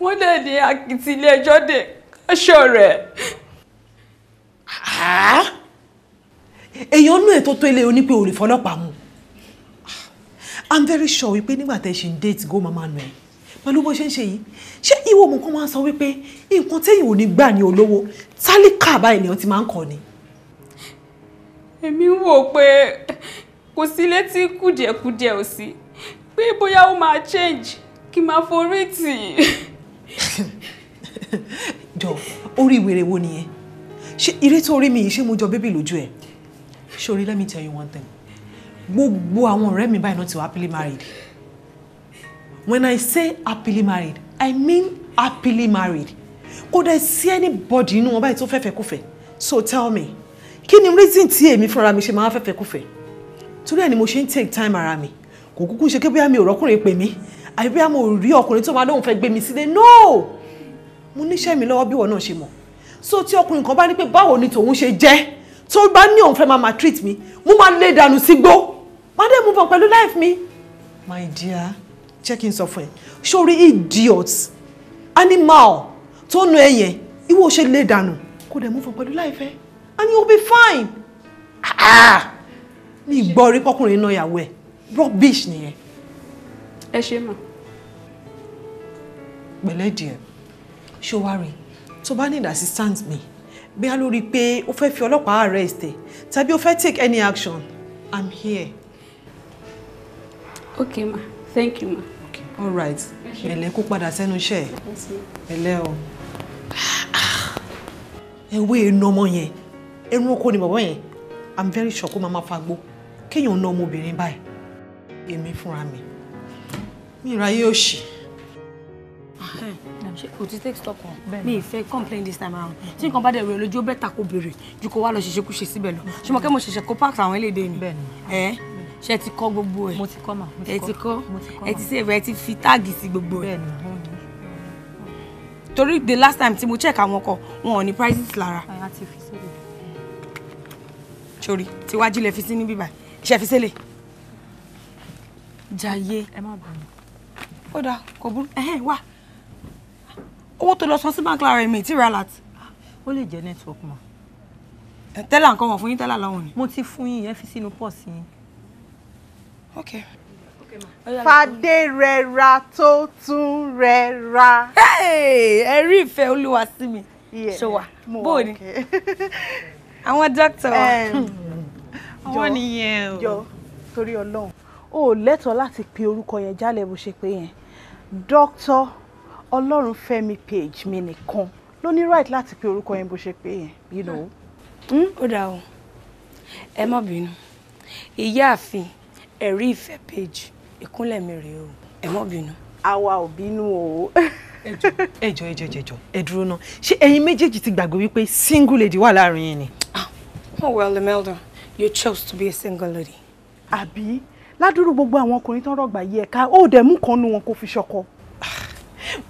wọ́n dẹ̀ ní àkìtì ilé ẹjọ́ dẹ̀ aṣọ rẹ̀. èèyàn nú ẹ̀ tó tó ilé onípe ò lè fọlọ́pàá mu i'm very sure wípé nígbà tẹ́ ṣe ń date go mama nù ẹ̀ pẹ̀lú bó ṣe ń ṣe yìí ṣé ìwọ mọ̀ kán máa ń sọ wípé nǹkan téèyàn ò ní gbà ní olówó tálíkà báyìí lèèyàn ti máa ń kọ́ ni. èmi ń wò pé kò sí létí kùdìẹ̀kùdìẹ̀ ò sí pé bóyá ó máa change kí n máa forí tì í. jọ orí ìwèrè wo nìyẹn ṣé ìrètò orí mi yìí ṣé mo jọ bébì lójú ẹ ṣé orí let me tell you one thing gbogbo àwọn ọ̀rẹ́ mi báyìí náà ti wà happily married when i say happily married i mean happily married kò dẹ̀ sí anybody inú wọn báyìí tó fẹ́fẹ́ kúfẹ́ so tell me kí ni reason tí èmi fúnra mi ṣe máa fẹ́fẹ́ kúfẹ́ torí ẹ̀ ni mo ṣe ń take time ara mi kò kúkú ṣe kébíyà mi ò rọ́kùnrin pè mí àbí bíyà mo rí ọkùnrin tó máa lóun fẹ́ gbé mi sílé no mo níṣẹ́ mi lọ́wọ́ bí wọn náà ṣe mọ̀ so tí ọkùnrin kan bá ní pé báwo ni tòun ṣe jẹ́ tó bá ní òun fẹ́ máa máa treat mi mo máa lé dànù sígbó má dé move on pẹ̀lú life mi. my dear jẹ́ kí n sọ fún ẹ sórí idiot animal tó nu ẹyẹ ìwọ ṣe lè dànù kó dẹ̀ move on pẹ̀lú life ẹ and you be fine. mi gbọ́ rí pọ́kùnrin náà ìyàwó ẹ̀ rubbish nìyẹn. ẹ ṣe mọ̀. pẹ̀lẹ́ díẹ̀ ṣó wá rí tó bá need assistance me. bí a lórí pé ó fẹ́ fi ọlọ́pàá arrest ẹ̀ tàbí ó fẹ́ take any action i'm here okay ma thank you ma. okay all right ẹ̀lẹ́ kó padà sẹ́nu iṣẹ́ ẹ̀lẹ́ o ẹ̀wé ẹnu ọmọ yẹn ẹnu oko ni bàbá yẹn i'm very sure kó máa máa fagbó kéèyàn ná ọmọbìnrin báyìí èmi fúnra mi mi ìráyé òṣì. kò ti take stock mi ìfẹ́ complain this time around tí nǹkan bá dẹ̀ rẹ̀ lójú ó bẹ́ẹ̀ ta kó béèrè ju kó wá lọ ṣiṣẹ́ kúṣe síbẹ̀ lọ ṣùgbọ́n kẹ́ mo ṣẹ̀ṣẹ̀ kó park àwọn eléde ni ṣe ti kọ gbogbo ẹ mo ti kọ mà mo ti kọ ẹ ti kọ ẹ ti save ẹ ti fi táàgì sí gbogbo ẹ torí the last time tí mo check àwọn ọkọ wọn ò ní prices lára sori tiwájú lè fi sí ní bíbá ṣe fi sílẹ̀ jàyé ó dáa kò burú ẹhẹn wá owó tó lọ san sí báńkì lára ẹ̀mí tí ralat. ó lè jẹ́ network mọ́. tẹ́lá nǹkan wọ̀ fún yín tẹ́lá láwọn ni. mo ti fún yín yẹn fi sínú pọ̀ sí yín okay. Fadérẹra tó tún rẹra. ẹ rí ìfẹ́ olúwa sí mi ṣọwà bó ni àwọn dókítà wa. àwọn nìyẹn o. jọ torí Ọlọ́run o ò lẹ́tọ̀ọ́ láti pe orúkọ yẹn jálẹ̀ bó ṣe pé yẹn dókítà Ọlọ́runfẹ́mi page mi nìkan ló ní right láti pe orúkọ yẹn bó ṣe pé yẹn you know. ó dà o ẹ má bínú ìyáàfin ẹ̀rí ìfẹ́ page ìkúnlẹ̀ mi rèé o ẹ mọ́ bínú. àwa ò bínú o. ẹjọ ẹjọ ẹjọ ẹ dúró náà ṣé ẹ̀yin méjèèjì ti gbàgbé wípé single lady wà láàrin yín ni. Ah, oh well Imelda you chose to be a single lady. àbí ládùúrú gbogbo àwọn ọkùnrin tó ń rọgbà yí ẹ̀ka ó dẹ̀ mú kan nu wọn kó fi ṣọkọ ah,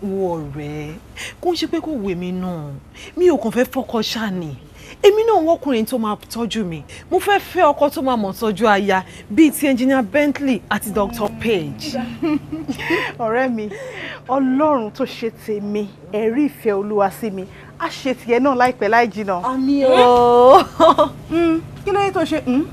wo ọ̀rẹ́ kó ń ṣe pé kò wèmí náà mi ò kàn fẹ́ fọkọ ṣáà ni èmi náà wọ́kùnrin tó máa tọ́jú mi mo fẹ́ fẹ́ ọkọ tó máa mọ̀ tọ́jú aya bíi ti engineer Bentley àti Dr. Page. ọ̀rẹ́ mi ọlọ́run tó ṣe tèmi ẹ̀rí ìfẹ́ olúwa sí mi á ṣe tìyẹ náà láìpẹ́ láì jìnnà. àmì o. Hmm, kí ló yẹ tó ṣe. Hmm?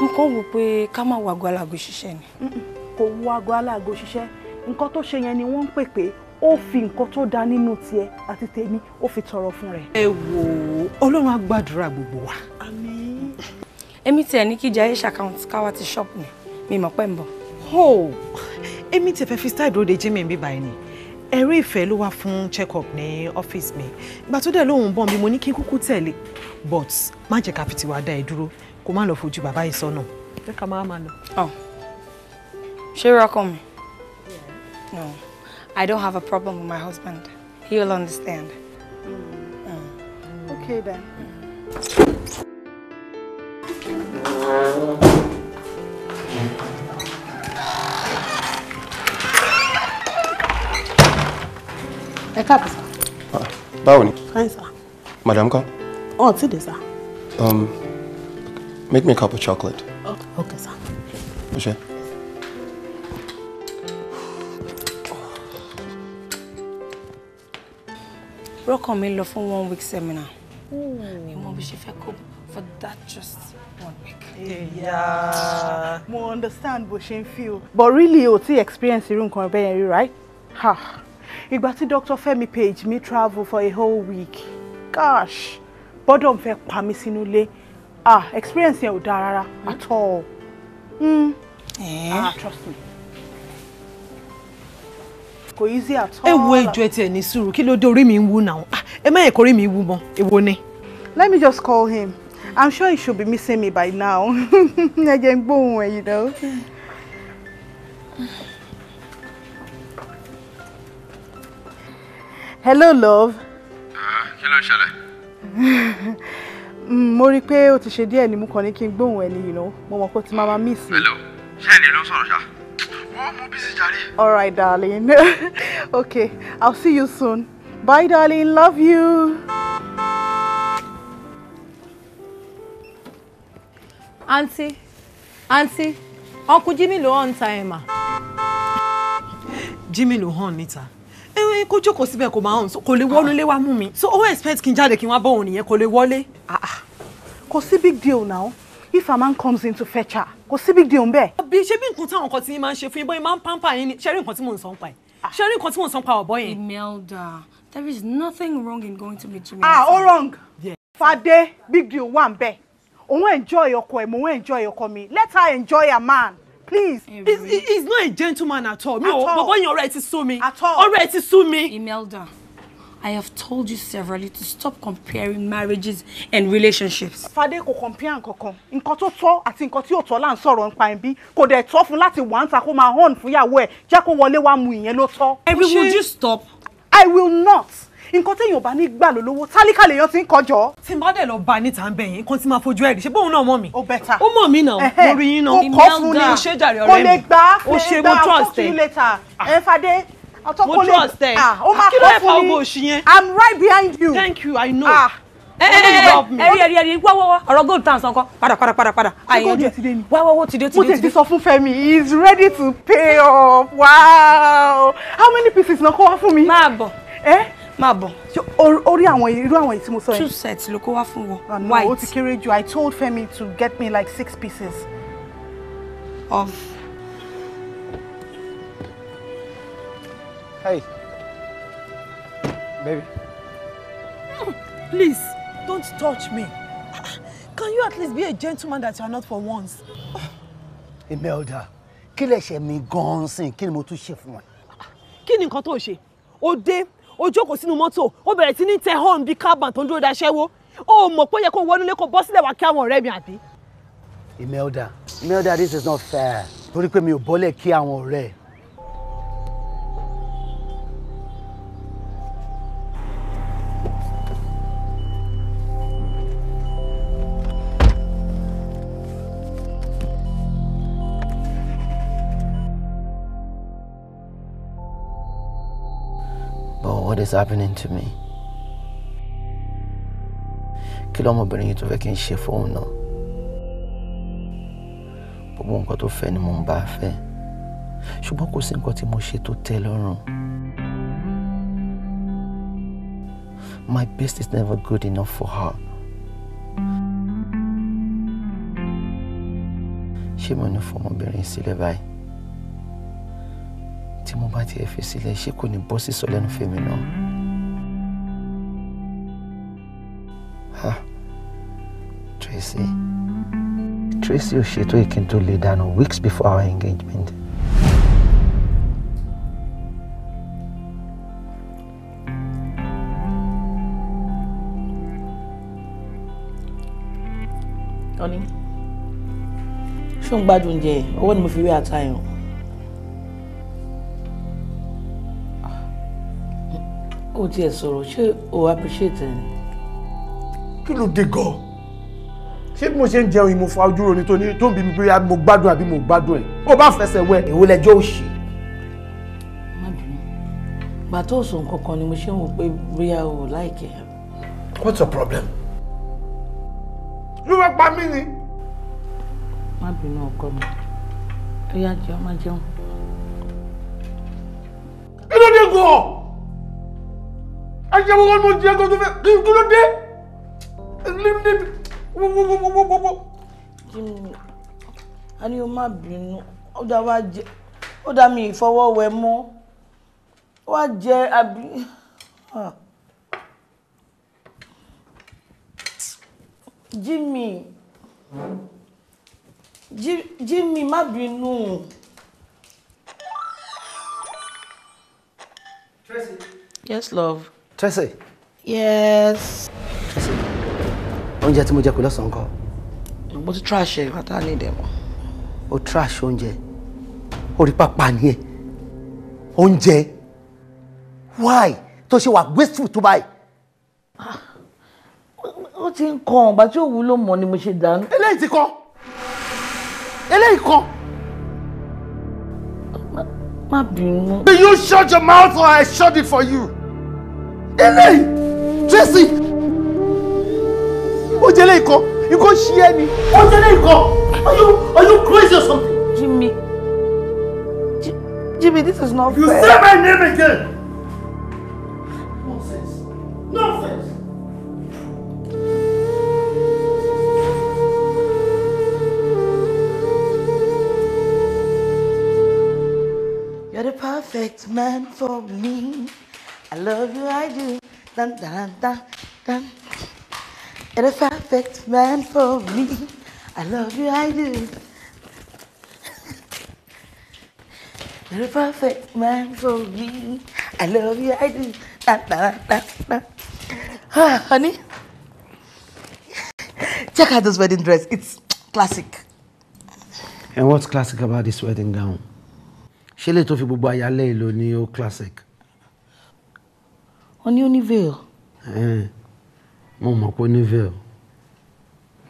nǹkan wò pé ká má wo àgọ́ aláàgọ́ ṣiṣẹ́ ni. Hmm, kò wo àgọ́ aláàgọ́ ṣiṣẹ́ nǹkan tó ṣe yẹn ni wọ́n ń pè pé ó fi nǹkan tó da nínú tiẹ̀ àti tèmi ó fi tọrọ fún rẹ̀. ẹ wò ó ọlọ́run á gbàdúrà gbogbo wa. àmín. èmi tiẹ̀ ní kí jayé ṣàkàǹtì káwá ti ṣọ́ọ̀bù mi mi mọ̀ pẹ́ ń bọ̀. ho èmi tiẹ̀ fẹ́ fi style dúró de jimmy bíbá ẹni ẹ̀rí ìfẹ́ ló wà fún check-up ní ọ́fíìsì mi ìgbà tó dẹ̀ lóhùn bọ̀ mi mo ní kí n kúkú tẹ̀lé but má jẹ́ ká fi tiwa dá ẹ dúró kó má lọ fojú bàbá yìí sọ́nà jẹ́ ká má má lọ. Oh. ṣé rọ́kọ̀ mi? no. I don't have a problem with my husband. He will understand. Mm. Mm. Okay then. A cup, sir. Ah, báwo ni? Fine sir. Madam kan. Oh, tí de sá. Um, make me a cup of chocolate. Okay sá. Ó Okay. rọ́kàn mi lọ fún one week seminar ìwọ̀n hmm. bí ṣe fẹ́ kó for that just one week. Yeah. mo understand bó ṣe ń fi but really o ti experience irú nǹkan bẹ́ẹ̀ rí right? ha ìgbà tí Dr. Femi Page mi travel for a whole week gosh bọ́dọ̀ fẹ́ pa mí sínú ilé ah experience yẹn ò dáa rárá at all. Mm. Ah, trust me kò easy at all. ẹ wo ìjọ ẹ tiẹ̀ ní sùúrù kí ló dé orí mi ń wú náà ah, ẹ má yẹ kó orí mi wú mọ́ èwo ni. let me just call him i'm sure he should be missing me by now ẹ jẹ́ ń gbóhùn ẹ̀ yìí náà. hello love. Ah, kí ló ń ṣẹlẹ̀. mo rí i pé ó ti ṣe díẹ̀ ni mo kàn ní kí n gbóhùn ẹ̀ nìyí náà mo mọ̀ pé ó ti máa ma miss. hello ṣé ẹni ló ń sọ̀rọ̀ ṣáà. All right, darling. okay, I'll see you soon. Bye, darling. Love you. Auntie, Auntie, Uncle Jimmy ló on time ma. Jimmy ló hàn níta. Ẹ kó jókòó síbẹ̀ kó máa hàn kò lè wọlé lé wá mú mi. So ó expect kí n jáde kí n wá bọ́ òun nìyẹn kò lè wọlé. Ah, ah. Kò big deal now if a man comes in to fetch her kò sí big deal nbẹ. àbí ṣé bí nǹkan táwọn kan ti máa ń ṣe fún yín bóyá máa ń pampa yín ni ṣẹ́rí nǹkan tí mò ń sọ ń pa ẹ̀ ah. nǹkan tí mò ń sọ ọ̀bọ yẹn. Imelda there is nothing wrong in going to meet Jimmy. ah o wrong. Yeah. Fade big deal wà ń bẹ òun enjoy ọkọ ẹ mò ń enjoy ọkọ mi let her enjoy her man please. he's, he's not a gentleman at all. at all mi ò bọ́bọ́ yẹn ọ̀rẹ́ ti sú mi. at all ọ̀rẹ́ ti sú mi. Imelda. I have told you severally to stop comparing marriages and relationships. Fadé kò compare nǹkankan. Nǹkan tó tọ́ àti nǹkan tí ò tọ́ là ń sọ̀rọ̀ nípa ẹ̀ bí. Kò dẹ̀ tọ́ fún láti wà ń ta kó máa hàn fún ìyàwó ẹ̀ jẹ́ kó wọlé mu ìyẹn ló tọ́. Ẹ̀rí would you stop? I will not. Nǹkan téèyàn bá ní gbà lólówó tálíkà lèèyàn ti ń kọjọ. Tí n bá dẹ̀ lọ bá níta ń bẹ̀ yín, nǹkan tí máa fojú ẹ̀rí. Ṣé bóun náà mọ̀ mí? Ó bẹ̀ta. Ó mọ̀ mí náà. Lórí yín náà. Ó kọ́ fún ni. Ó ṣe jàre ọ̀rẹ́ mi. Kò lè gbà á. Ó mo trust ẹ. Ẹ Fadé mo trust ẹ ah, kí ló yẹ fa ogbó oṣù i'm right behind you thank you i know. Ah ẹrí ẹrí ẹrí wáwọ́wọ́ ọ̀rọ̀ gold tan sankan padà padà padà padà àyànjú wáwọ́wọ́ tìde tìde. mo tẹ̀ ti sọ fún Fẹ́mi he is ready to pay off wow how many pieces náà kó wá fún mi. máa bọ̀ eh? máa bọ̀. orí àwọn irú àwọn tí mo sọ yẹn. two sets ló kó wá fún wọn ah, white. o ti kéré jù i told Fẹ́mi to get me like six pieces. of. Hey. Baby. Hmm, please, don't touch me. Can you at least be a gentleman that you are not for once? Imelda, kí lè ṣe mí gan-an sìn kí ni mo tún ṣe fún ẹ? Kí ni nǹkan tó ṣe? O dé, o jókòó sínú mọ́tò, o bẹ̀rẹ̀ sí ní tẹ hàn bíi kábàn tó ń dúró daṣẹ́wó. O mọ̀ pé ó yẹ kó wọnú lé kó bọ́ sílẹ̀ wá kí àwọn ọ̀rẹ́ mi àbí? Imelda, Imelda, this is not fair. Torí pé mi ò bọ́lẹ̀ kí àwọn ọ̀rẹ́ ẹ̀. but what is happening to me? kí lọ́mọbìnrin yìí tó fẹ́ kí n ṣe fóun náà gbogbo nǹkan tó fẹ́ ni mò ń bá fẹ́ ṣùgbọ́n kò sí nǹkan tí mo ṣe tó tẹ́ lọ́rùn. My best is never good enough for her. ṣé mo ní fọmọbìnrin sílẹ̀ báyìí? tí mo bá tiẹ̀ fi sílẹ̀ ṣé kò ní bọ́ sísọ lẹ́nu fèmí náà. ha Tracy Tracy ò ṣètò ìkíni tó lè dànù weeks before our engagement. Honey, ṣé o ń gbádùn oúnjẹ owó ni mo fi wé ata yẹn o. kò tiẹ̀ sọ̀rọ̀ ṣé o appreciate ẹ̀ ni. kí ló dé gan-an ṣé bí mo ṣe ń jẹun yìí fa ojú ronú tó ní tó ń bí mi bóyá mo gbádùn àbí mo gbádùn ẹ̀ ó bá fẹsẹ̀ wẹ̀ èwo lẹjọ́ òṣì. má bínú gbà tó sọ ni mo ṣe ń wò pé bóyá o láìkẹ́. what's your problem? ló fẹ́ pa mí ni. má bínú ọkọ mi ó jẹun má jẹun. jẹ́ wọ́n mo jẹ́ kó tó fẹ́ kí ló dé níbi wọ́wọ́wọ́wọ́wọ́. Jimmy a ní o má bínú ó dá wá jẹ ó dá mi ìfọwọ́wẹ mọ́ wá jẹ àbí. Ah. Jimmy Jimmy má bínú. Tracy. Yes, love. Tracy. Yes. Tracy. Oúnjẹ tí mo jẹ kò lọ́sàn-án kọ́. Mo ti trash ẹ̀ pátá ní ìdẹ̀mọ̀. O trash oúnjẹ. Orí pápá ni ẹ̀. Oúnjẹ. Why? Tó ṣe wà wasteful tó báyìí. Ah, ó ti ń kọ́ ọ̀gbà tí òwú ló mọ̀ ni mo ṣe dànù. Eléyìí ti kọ́. Eléyìí kọ́. Má bínú. you shut your mouth or I shut it for you? eléyìí tracy ó jẹ́ lé ikọ́ ikọ́ ṣí ẹ ni ó jẹ́ lé ikọ́ are you are you crazy or something. Jimmy J Jimmy this is not you fair. you say my name again. nonsense nonsense. You're the perfect man for me. I love you, I do. Dun, dun, dun, dun. You're a perfect man for me. I love you, I do. You're a perfect man for me. I love you, I do. Dun, dun, dun, dun. Ah, honey, check out this wedding dress. It's classic. And what's classic about this wedding gown? Ṣé lè tó fi gbogbo ayálé ìlò ni ó classic? ó ní oníveil. mo mọ̀ pé oníveil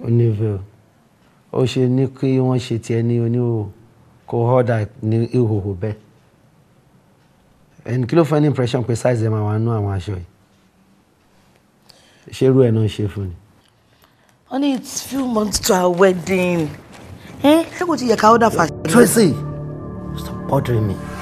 oníveil ó ṣe ní kí wọ́n ṣe tiẹ̀ ní oníhòòhò kó họ́dà ní ìhòòhò bẹ́ẹ̀ ẹni kí ló fẹ́ ní impression pé size ẹ̀ máa wà nú àwọn aṣọ yìí ṣé irú ẹ̀ náà ṣe fún ni. only it's few months to our wedding hm? ṣé kò ti yẹ ká ọ́dà fàṣẹ. Tracy stop bothering me.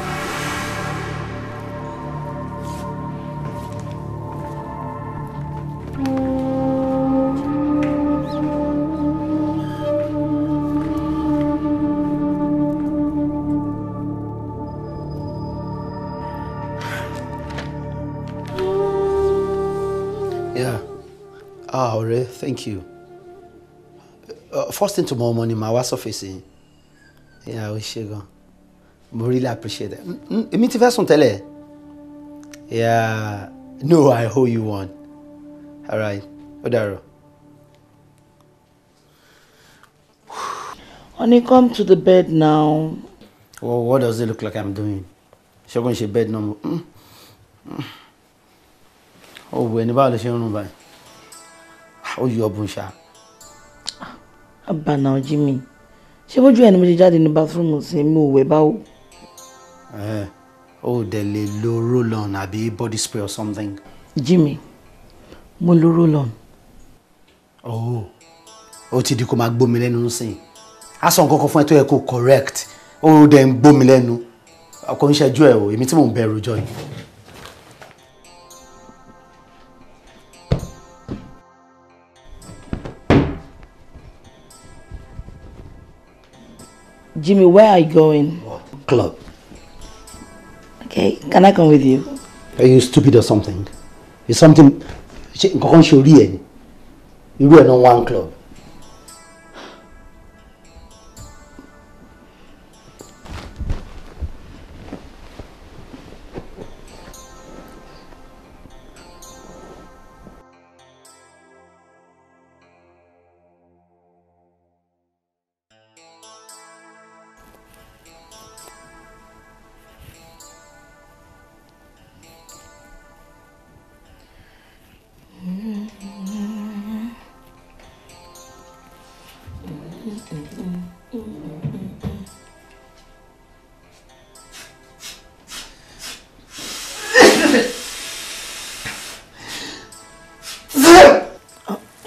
thank you uh, first thing tomorrow morning my wá sọ́fíìsì yín ìyá ò go. We really appreciate it mm, mm, èmi ti fẹ́ sùn tẹ́lẹ̀ yeah no i owe you one all right ó honey come to the bed now. Well, what does it look like i'm doing? ṣé going to bed now. Mm, oh, wù ẹni báwo ló ṣe ń ó yọ ọbùn ṣá. àbànà ọjí mi ṣé bójú ẹ ni mo ṣe jáde ní bathroom sí mi ò wẹ̀ báwo. Eh, ó dẹ̀ lè lo roll on àbí body spray or something. Jimmy mo lo roll on. oh ó ti di kó máa gbómi lẹ́nu sìn á sọ nǹkan kan fún ẹ tó yẹ kó correct ó dẹ̀ ń gbómi lẹ́nu ọkọ̀ ń ṣẹ́jú ẹ̀ o èmi tí mò ń bẹ̀rù jọ yìí. Jimmy, where are you going? Club. Okay, can I come with you? Are you stupid or something? It's something. She, irú ẹ̀ náà one club.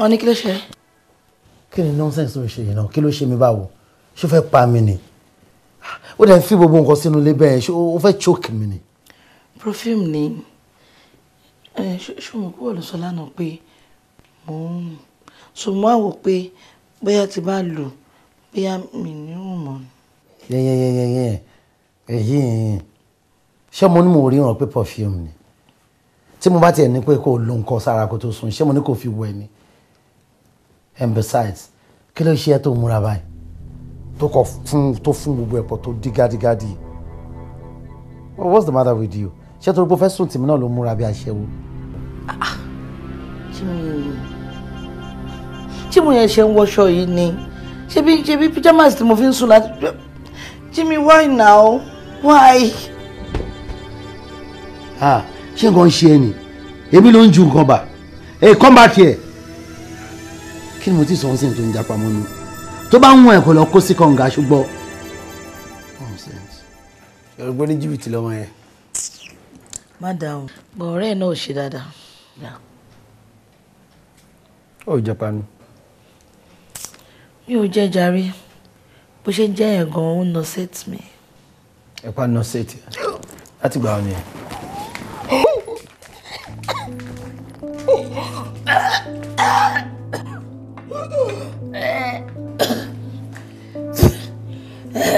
wọ́n ní kí ló ṣe. kí ni nonsense tó ń ṣe yìí náà kí ló ṣe mi báwo ṣó fẹ́ pa mi ni ó dẹ̀ ń fi gbogbo nǹkan sínú ilé bẹ́ẹ̀ ṣó ó fẹ́ choke mi ni. perfume ni ṣó mo kúrò lọ sọ lánàá pé mò ń so mo á wò pé bóyá ti bá lò bóyá mi ní òmò. yẹ́yẹ́yẹ́yẹ́ èyí ṣé mo ní mo rí hàn perfume ni tí mo bá tiẹ̀ ní pé kó o lo nǹkan sára kó tó sùn ṣé mo ní kó fi wọ ẹni and besides kí ló ṣe ẹ́ tó múra báyìí tó kọ fún tó fún gbogbo ẹ̀pọ̀ tó dí gádígádí well what's the matter with you ṣé torí pé o fẹ́ sùn tèmi náà ló múra bí aṣẹ́wó. tí ah, ah. mo yẹn ṣe ń wọṣọ yìí ni ṣebí ṣebí pyjamas tí mo fi ń sùn láti Jimmy why now why. Ah, ṣé nǹkan ń ṣe ẹ ni èmi ló ń ju nǹkan bá ẹ kọ́ bá tiẹ̀ kí ni mo ti sọ ọ́n sí ní tó ń japa mọ́nu tó bá ń wọn ẹ̀kọ́ lọ kó sí kànga ṣùgbọ́n. yorùbá ní jìbìtì lọ́mọ yẹn. má dáhùn bọ̀ ọ̀rẹ́ náà ò ṣe dáadáa. ó japa nu. mi ò jẹ́ jàre bó ṣe ń jẹ́ yẹn gan-an ó nọ sétí mi. ẹ̀pá nọ sétí láti gbà ọ́ nìyẹn. Ah! Tracy,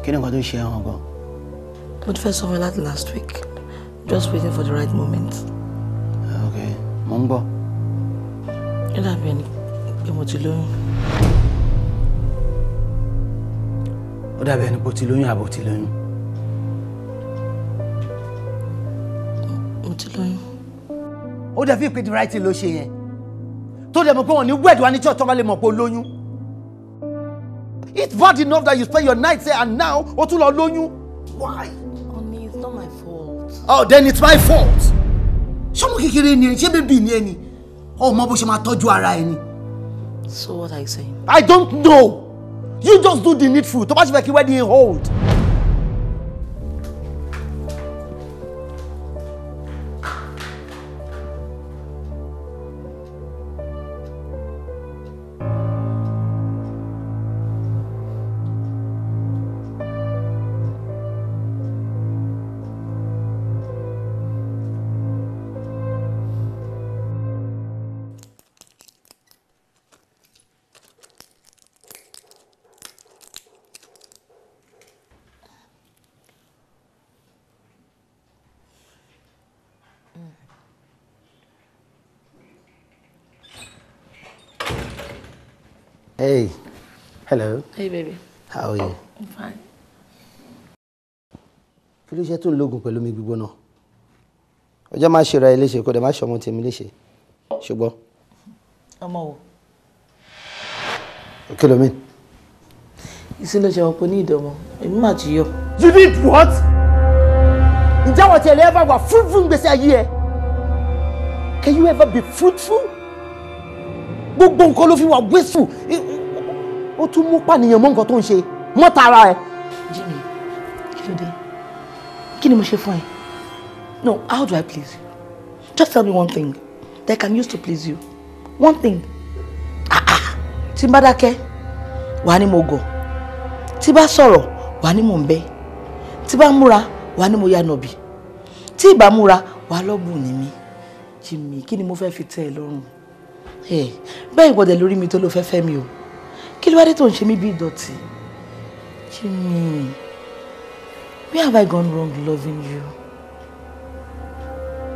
kí ni nǹkan tó ń ṣe ẹ̀hàn gan? Mo ti fẹ́ sọ fún ẹ láti last week, just waiting for the right moment ń gbọ́. ó dàbí ẹni pé mo ti lóyún. ó dàbí ẹni pé o ti lóyún àbò ti lóyún. mo ti lóyún. ó dàbí ìpè the right ló ṣe yẹn tó dẹ̀ mọ̀ pé wọ́n ní wẹ́ẹ̀dì wa ní church tó lè mọ̀ pé o lóyún. it's bad enough that you spend your night there and now o tún lọ lóyún. why. honey it's not my fault. oh then it's my fault sọmọ kékeré ni ẹ ṣé bébì ni ẹ ni ọmọ bó ṣe máa tọ́jú ara ẹ ni. so what are you saying. i don't know you just do the needful tó bá ṣe fẹ́ kí wedding hold. Hey. Hello. Hey, baby. How are you? Oh, I'm fine. Kí ló ṣe tó ń lógun pẹ̀lú mi gbígbóná? Ọjọ́ máa ṣe ra ẹ léṣe kó dẹ̀ má ṣe ọmọ tèmi léṣe. Ṣùgbọ́n. Ọmọ wo? Kí ló mean? Ìsí ló ní ìdánmọ̀. Èmi máa ti yọ. You did what? Ǹjẹ́ wọ́n ti ẹ̀rẹ́ ẹ̀fà wà fúnfún gbèsè ayé ẹ? Can you ever be fruitful? gbogbo nǹkan ló fi wà wẹ́sù ó tún mú pànìyàn mọ́ nǹkan tó ń ṣe mọ́ tara ẹ. Jimmy Jide kí ni mo ṣe fún ẹ no how do I please you just tell me one thing that I can use to please you one thing ah ah tí n bá dákẹ́ wàá ní mo gọ̀ tí bá sọ̀rọ̀ wàá ní mo ń bẹ́ tí bá múra wàá ní mo ya nọ̀bì tí ì wàá lọ́bùn ní mi Jimmy kí ni mo fẹ́ fi tẹ́ ẹ lọ́rùn. Eh, bẹ́ẹ̀ ìwọ́dẹ̀ lórí mi tó ló fẹ́ fẹ́ mi o kí ló wá dé tó ń ṣe mí bí ìdọ̀tí Jimmy where have I gone wrong loving you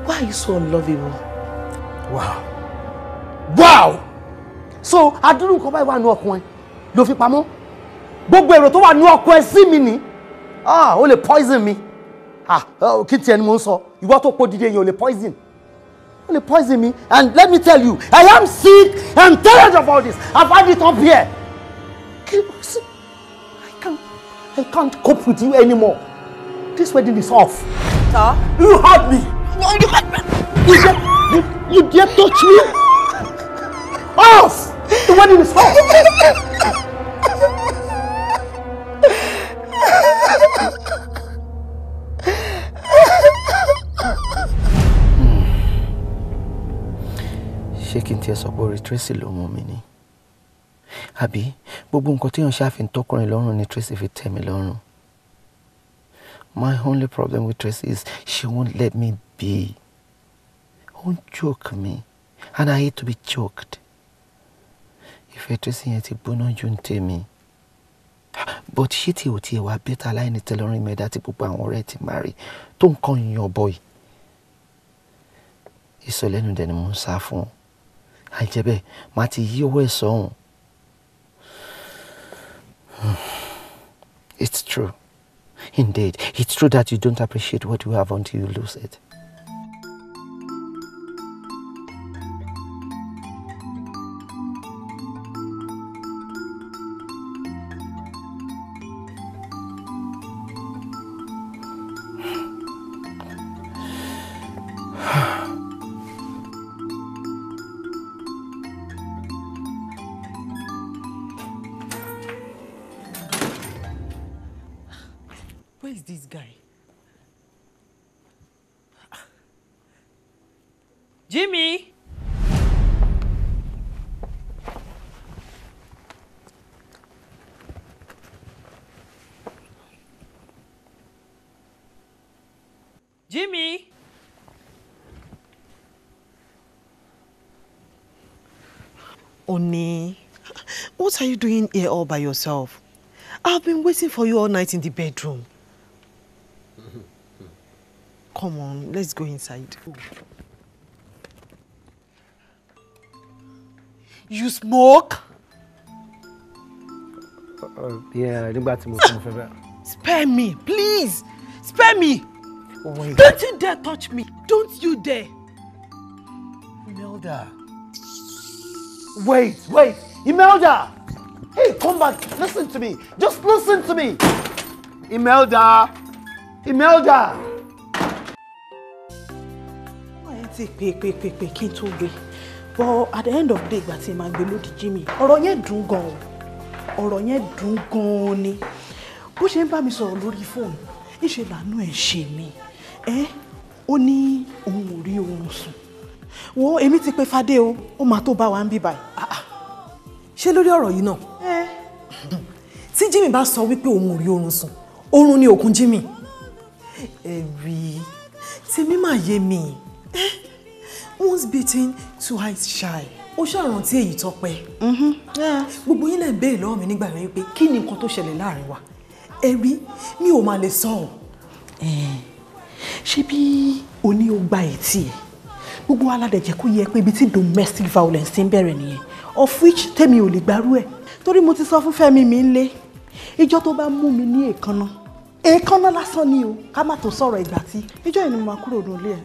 why are you so unlovable. wow wow so adúrú nǹkan báyìí wà ní ọkùnrin ló fi pamọ́ gbogbo èrò tó wà ní ọkọ ẹ sí mi ni ah o lè poison mi ah oh, kí tiẹ̀ ni mo ń sọ ìwọ tó pọ̀ dídé yẹn o lè poison Will you poison me? And let me tell you, I am sick and tired of all this. I've had it up here. I can't, I can't cope with you anymore. This wedding is off. Sir? You hurt me. No, you hurt me. You dare, you, you dare touch me? Off! The wedding is off. kí n tiẹ̀ sọ pé orí Tracy ló mú mi ni àbí gbogbo nǹkan téèyàn ṣáà fi ń tọkùnrin lọ́rùn ni Tracy fi tẹ̀ mí lọ́rùn my only problem with Tracy is she won't let me be ó ń joke mi and I hate to be joked ìfẹ́ Tracy yẹn ti gbóná ju ń tèmi but ṣé tí ò tiẹ̀ wá bẹ́tà láìní tẹ́lọ́rìn mẹ́ta tí gbogbo àwọn ọ̀rẹ́ ti máa rí tó nǹkan yan bọ̀ yìí ìsọ̀lẹ́nu dẹ̀ ni mo ń sá fún un. àìjẹ́ bẹ́ẹ̀ màá ti yí It's true. Indeed, it's true that you don't appreciate what you have until you lose it. here all by yourself. I've been waiting for you all night in the bedroom. Come on, let's go inside. You smoke? Uh, uh yeah, nígbà tí mo sọ fẹ́ bẹ́ẹ̀. Spare me, please! Spare me! Oh, wait. Don't you dare touch me! Don't you dare! Imelda. Wait, wait! Imelda! Hey, come back. Listen to me. Just listen to me. Imelda. Imelda. Wọ́n ti pè pè pè pè kí But at the end of the day, ìgbà tí màá gbé lódì Jimmy, ọ̀rọ̀ yẹn dùn gan-an. Ọ̀rọ̀ yẹn dùn gan-an ni. Bó ṣe ń bá mi sọ̀rọ̀ lórí fóònù, níṣe làánú ẹ̀ ṣe mí. Ẹ́ ó ní òun ò rí oorun sùn. Wo èmi ti pe Fadé o, ó ṣé lórí ọ̀rọ̀ yìí náà. tí Jimmy bá sọ wípé òun ò rí oorun sùn oorun ni òkun Jimmy. ẹ̀rí tèmi máa yé mi once two eyes shy ó ṣàrántí èyí tọpẹ́ mm-hmm. gbogbo yín lè béèrè lọ́wọ́ mi nígbà yẹn pé kí ni nǹkan tó ṣẹlẹ̀ láàrin wa ẹ̀rí mi ò máa lè sọ ọ́. ṣé bí o ní o gba ètí ẹ gbogbo aládẹ̀jẹ̀ kó yẹ pé ibi tí domestic violence ti ń bẹ̀rẹ̀ nìyẹn of which tèmi ò lè gbárù ẹ̀ torí mo ti sọ fún fẹ́mi mi ń lé ìjọ tó bá mú mi ní èékánná èékánná lásán ni o ká má tó sọ̀rọ̀ ìgbà tí ìjọ yìí ni mo máa kúrò nílé ẹ̀.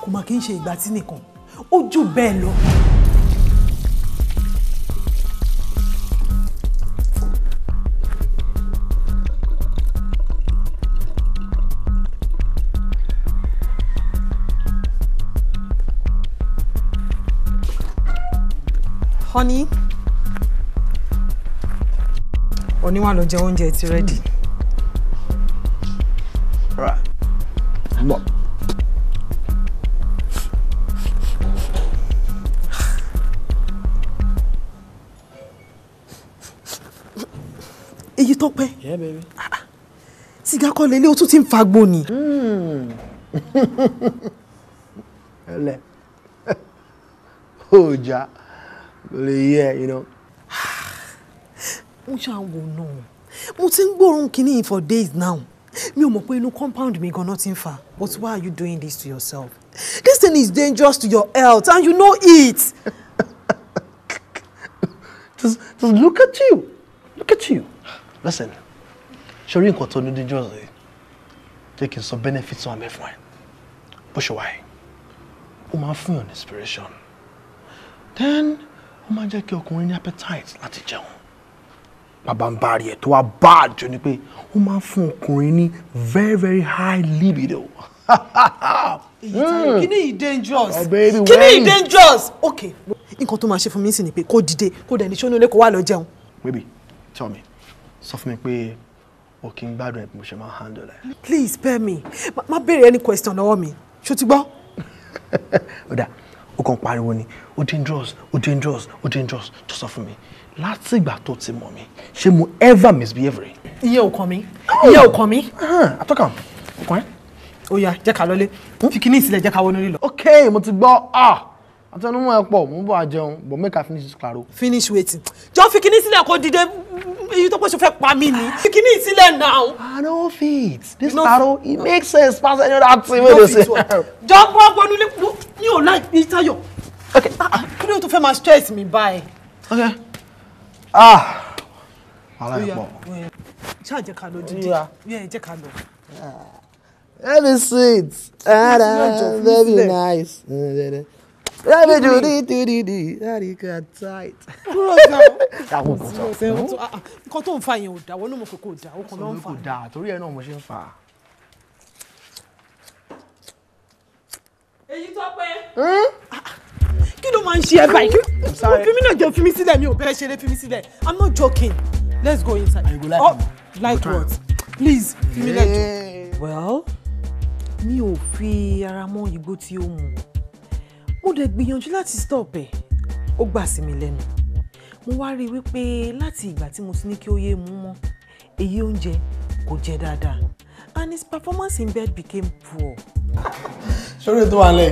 kò mà kí n ṣe ìgbà tí nìkan ó jù bẹ́ẹ̀ lọ. honey oníwà ló jẹ oúnjẹ ti rẹ́dì. èyí tó pẹ́ sìgá kọ́ lélẹ̀ ó tún ti ń fagbó ni. ẹlẹ ọjà. Oh, ja lè you know. mo ṣe àwọn náà mo ti ń gbóòórùn kínní for days now mi ò mọ̀ pé inú compound mi gan-an ti ń fà but why are you doing this to yourself this thing is dangerous to your health and you know it. just just look at you look at you listen ṣorí nǹkan tó ní dangerous yìí jẹ́ kí n sọ benefits wọn mẹ́fà ẹ̀ bó ṣe wáyé ó máa fún yàn inspiration then ó máa ń jẹ́ kí ọkùnrin ní appetite láti jẹun bàbá ń bari ẹ̀ tó wá bad jù ni pé ó máa ń fún ọkùnrin ní very very high libido. Hmm. kí ni yìí dangerous oh, kí ni yìí dangerous ok nǹkan tó máa ṣe fún mi sì ni pé kó dìde kó dẹ̀ ní sọ́nù ilé kó wá lọ jẹun. baby tell me sọ fún mi pé o kì í gbádùn ẹ̀ mo ṣe máa handle ẹ̀. please spare me má béèrè any question lọ́wọ́ mi ṣó ti gbọ́. ó ó kàn pariwo ni ó dangerous ó dangerous ó dangerous tó sọ fún mi láti ìgbà tó ti mọ̀ mi ṣé mo ever misbehave rẹ̀. iye ò kàn mí oh! iye ò kàn mí. àtọ́kà ọkàn ẹ. ó yá jẹ́ ká lọlé fi kíní ìsílẹ̀ jẹ́ ká wọnú lílọ. ok mo ti gbọ́ ah àtẹnumọ ẹ pọ mú bọ àjẹun but make i finish this claro. finish wetin jọ fi kinní sílẹ̀ kó dìde iye tó pé ṣe fẹ́ pa mí ni fi kinní sílẹ̀ now. i no fit this claro it makes sense pass any other thing wey dey say. jọ bọ́ gbọ́nú ní ò láì ní tayo kí ló tó fẹ́ máa stress mi báyìí. okay ah wàhálà ẹ pọ. ṣáà jẹ́ ká lọ dídí yẹ́ jẹ́ ká lọ. Ah. Let me see it. Ah, that'd be nice. Mm, Let me do di do di di. That is good tight. Kúrò sá. Dàwọ̀ kò sọ. Hm? Ah, ah. Nǹkan tó ń fa yẹn ò dà, wọ́n ló mọ̀ pé kò dà, ó kàn ló ń fa. Kò dà, torí ẹ̀ náà mo ṣe ń fà á. Èyí tó pẹ́. Hm? Kí ló máa ń ṣe ẹ báyìí? Mo fi mí náà jẹ́ fi mí sílẹ̀, mi ò bẹ́ẹ̀ ṣeré fi mí sílẹ̀. I'm not joking. Let's go inside. Àyè go oh, like oh, Like what? Please, fi mí lẹ́jọ́. Well, mi ò fi ara mọ́ igbó tí ó mu mo dẹ̀ gbìyànjú láti stop ẹ̀ ó gbà sí mi lẹ́nu mo wá rí i wípé láti ìgbà tí mo ti ní kí ó yé mu mọ́ èyí oúnjẹ kò jẹ dáadáa and his performance in bed became poor. sórí ètò àlẹ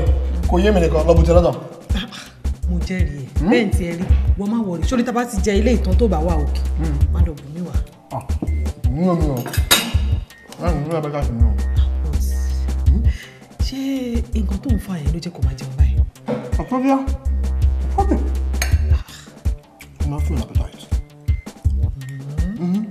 kò yé mi nìkan lọ́bùtẹ́ lọ́dọ̀. mo jẹ́rìí ẹ̀ hmm? bẹ́ẹ̀ ni tiẹ̀ rí wọ́n má wọlé sórí tá a bá ti jẹ ilé ìtàn tó bá wà òkè hmm. má lọ mí wá. Ah, mi ò mi ò láì ní ìlú abẹ́ká sí mi ò. ṣé nǹkan tó ń fa yẹn ló jẹ́ kó máa jẹun báyìí. No problem. No problem. I'm not full appetite. mm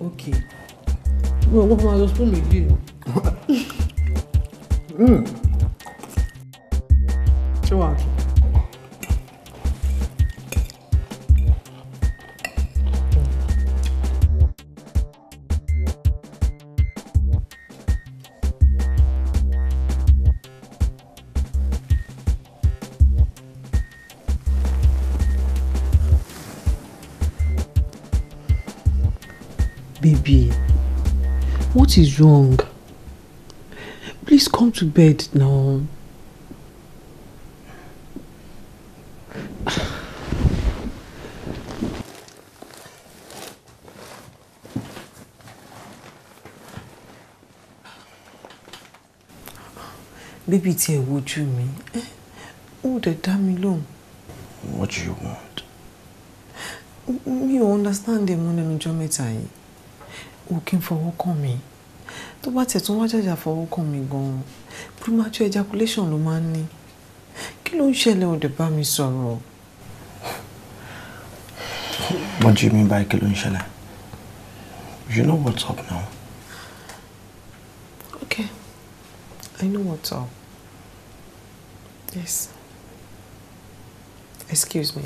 ok wọn ò gbọ́ fún wa lọ spoon méjì o. Hmm. What is wrong? Please come to bed now. baby. tí ẹ wojú you mean. dẹ̀ the damn lóhùn. What do you want? You understand the money lẹ́nu ọjọ́ mẹ́ta yìí. O kì me tó bá tẹ̀ tún wá jàjà fọwọ́ kàn mí gan-an premature ejaculation ló máa ń ní kí ló ń ṣẹlẹ̀ ọ̀dẹ̀ bá mi sọ̀rọ̀. what do you mean by kí ló ń ṣẹlẹ̀ you know what's up now. okay I know what's up yes excuse me.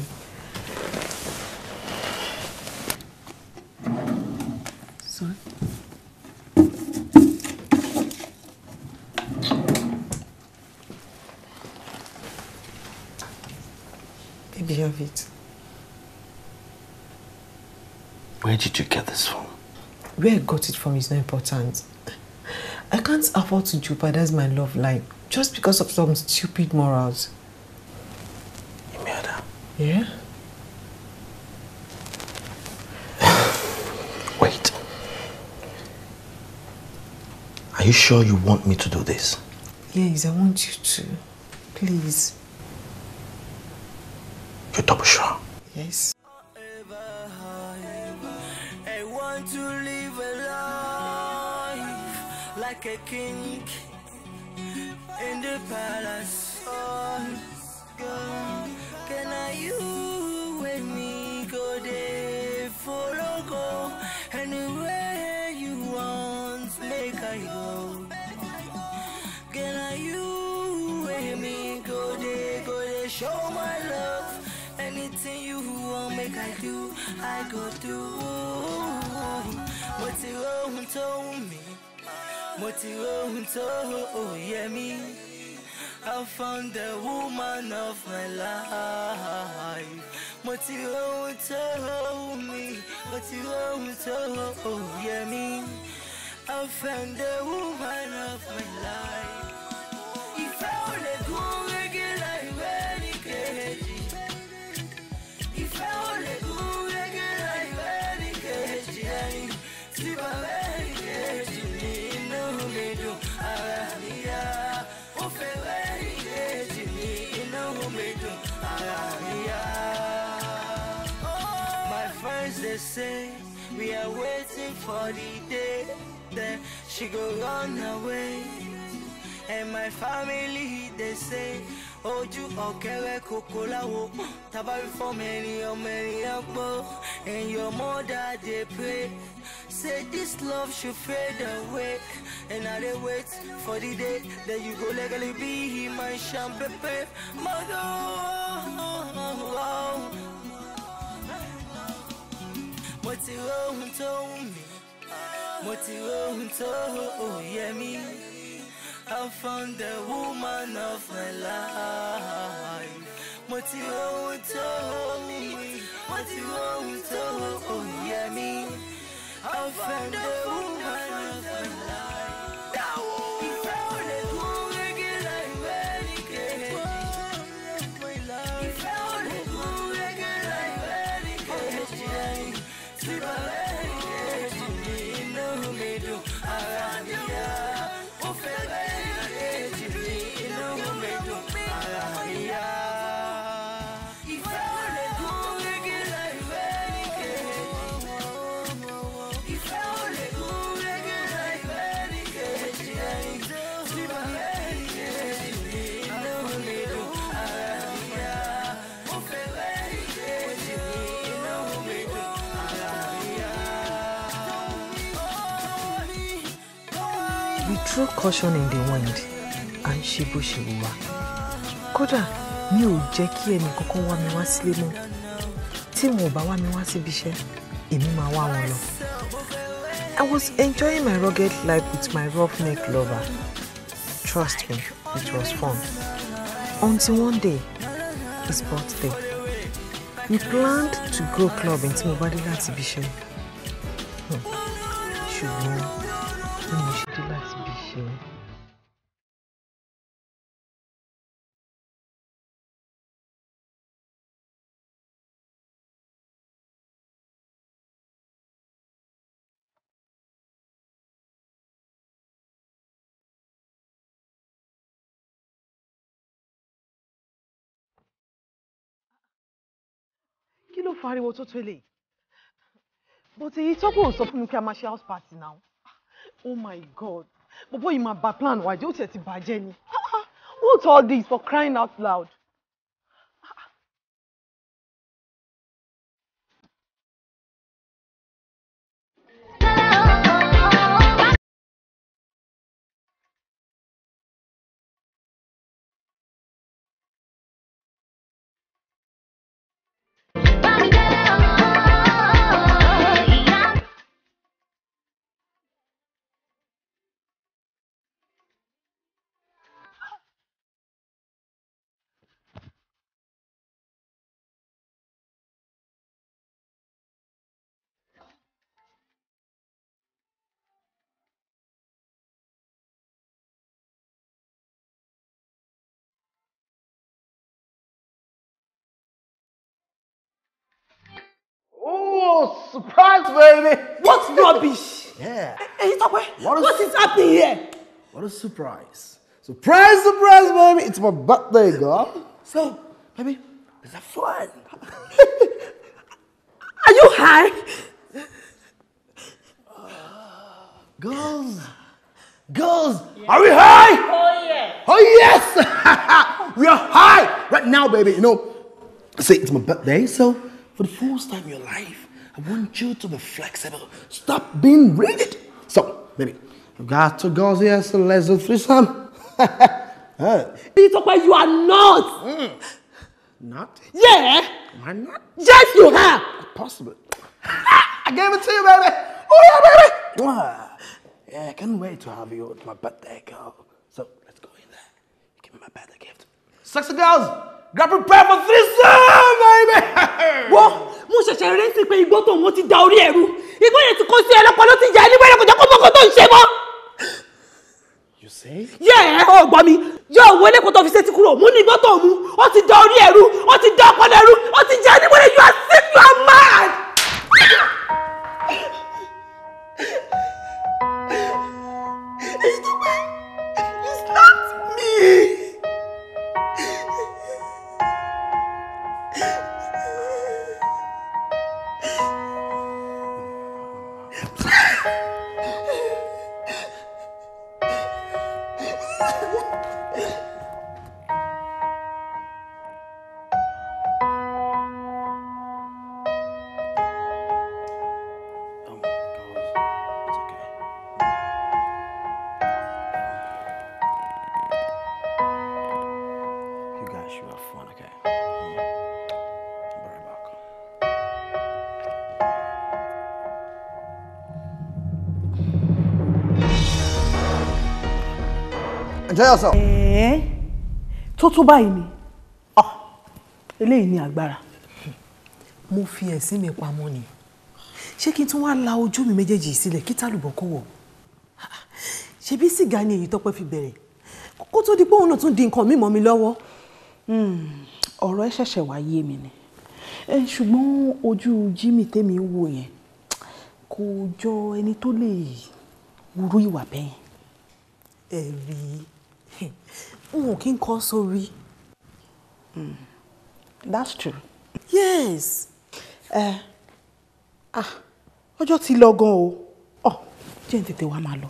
Sorry. idea of it. Where did you get this from? Where I got it from is not important. I can't afford to jeopardize my love life just because of some stupid morals. Imelda. Yeah? Wait. Are you sure you want me to do this? Yes, I want you to. Please you double sure. Yes. I want to live a life like a king in the palace. ti ohun tó yẹ mí. I found the woman of my life. Mo ti ohun tó mi, mo ti ohun tó yẹ mí. I found the woman of my life. for the day that eh, she go run away. And my family, they say, ojú ọ̀kẹ́rẹ́ kòkó wo, tábà rí fọ́ọ̀mù ènìyàn mẹ́rìnlá gbọ́ and your mother they pray say this love should fade away and now they wait for the day that you go legally be my champagne mother. mo ti rohun tó me. Moti ti rohun tó òye mi I found the woman of my life mo ti rohun tó mo ti rohun tó òye mi I found the woman. Throw caution in the wind, à ń ṣe bó Kódà mi ò jẹ́ kí ẹnì wá mi wá sílé mọ́. Tí wọn bá wá mi wá síbi iṣẹ́, èmi máa wá wọn lọ. I was enjoying my rugged life with my roughneck lover. Trust me, it was fun. Until one day, his birthday. We planned to go clubbing to mo bá dé pariwo tó tó eléyìí but èyí tó kò sọ fún mi pé a máa ṣe house party now oh my god bọ́bọ́ yìí máa bà plan wa jẹ́ ó tiẹ̀ ti bàjẹ́ ni what's all this for crying out loud. Oh, surprise, baby! What's rubbish? Yeah. Hey, eh, eh, Itope, what, what is happening here? What a surprise. Surprise, surprise, baby! It's my birthday, girl. So, baby, is that fun? Are you high? girls, girls, yeah. are we high? Oh, yeah. Oh, yes! we are high right now, baby. You know, see, it's my birthday, so for the first time in your life, I want you to be flexible. Stop being rigid. So, baby, you got to go there us, a lesson threesome. Peter, but you are not. Mm. Not? Yeah. Why not? Yes, you are. Possible. Ah, I gave it to you, baby. Oh, yeah, baby. yeah, I can't wait to have you at my birthday, girl. So, let's go in there. Give me my birthday gift. Sexy girls, Get prepared for threesome, baby. Wọ́n mo ṣẹ̀ṣẹ̀ rántí pé igbó tó mo ti da orí ẹ̀rú. Igbó yẹn ti kó sí ẹlẹ́pàá ló ti yà ẹni wẹ́rẹ́ kò jẹ́ kó mọ́kàn tó ń ṣe mọ́. You say? Yẹ́ ọ gbọ́ mi. Yọ òwe lẹ́kọ̀ọ́ tó fi ṣe ti kúrò. Mo ní igbó tó mu. Ó ti da orí ẹ̀rú. Ó ti da ọpọlọ ẹ̀rú. Ó ti jẹ́ ẹni wẹ́rẹ́ you are sick you are mad. Èyí tó you slapped me. yourself. ẹ̀ẹ́ tó tó báyìí ni ah, eléyìí ni agbára. mo fi ẹ̀sìn mi pamọ́ ni ṣé kí n tún wáá la ojú mi méjèèjì sílẹ̀ kí tálùbọ̀ kó wọ̀ ah, ṣebí sìgá ni èyí tọ́pẹ́ fi bẹ̀rẹ̀ kó tó di pé òun náà tún di nǹkan mímọ́ mi lọ́wọ́. Hmm, ọ̀rọ̀ ẹ ṣẹ̀ṣẹ̀ wá yé mi ni ṣùgbọ́n ojú Jimmy tèmi ń wò yẹn kò jọ ẹni tó lè wúrú ìwà bẹ́ẹ̀. ẹ̀rí n ò sorry. n hmm. that's true. yes ẹ eh. ah ọjọ́ ti lọ gan o ọ oh, jẹ́ n tètè wá máa lọ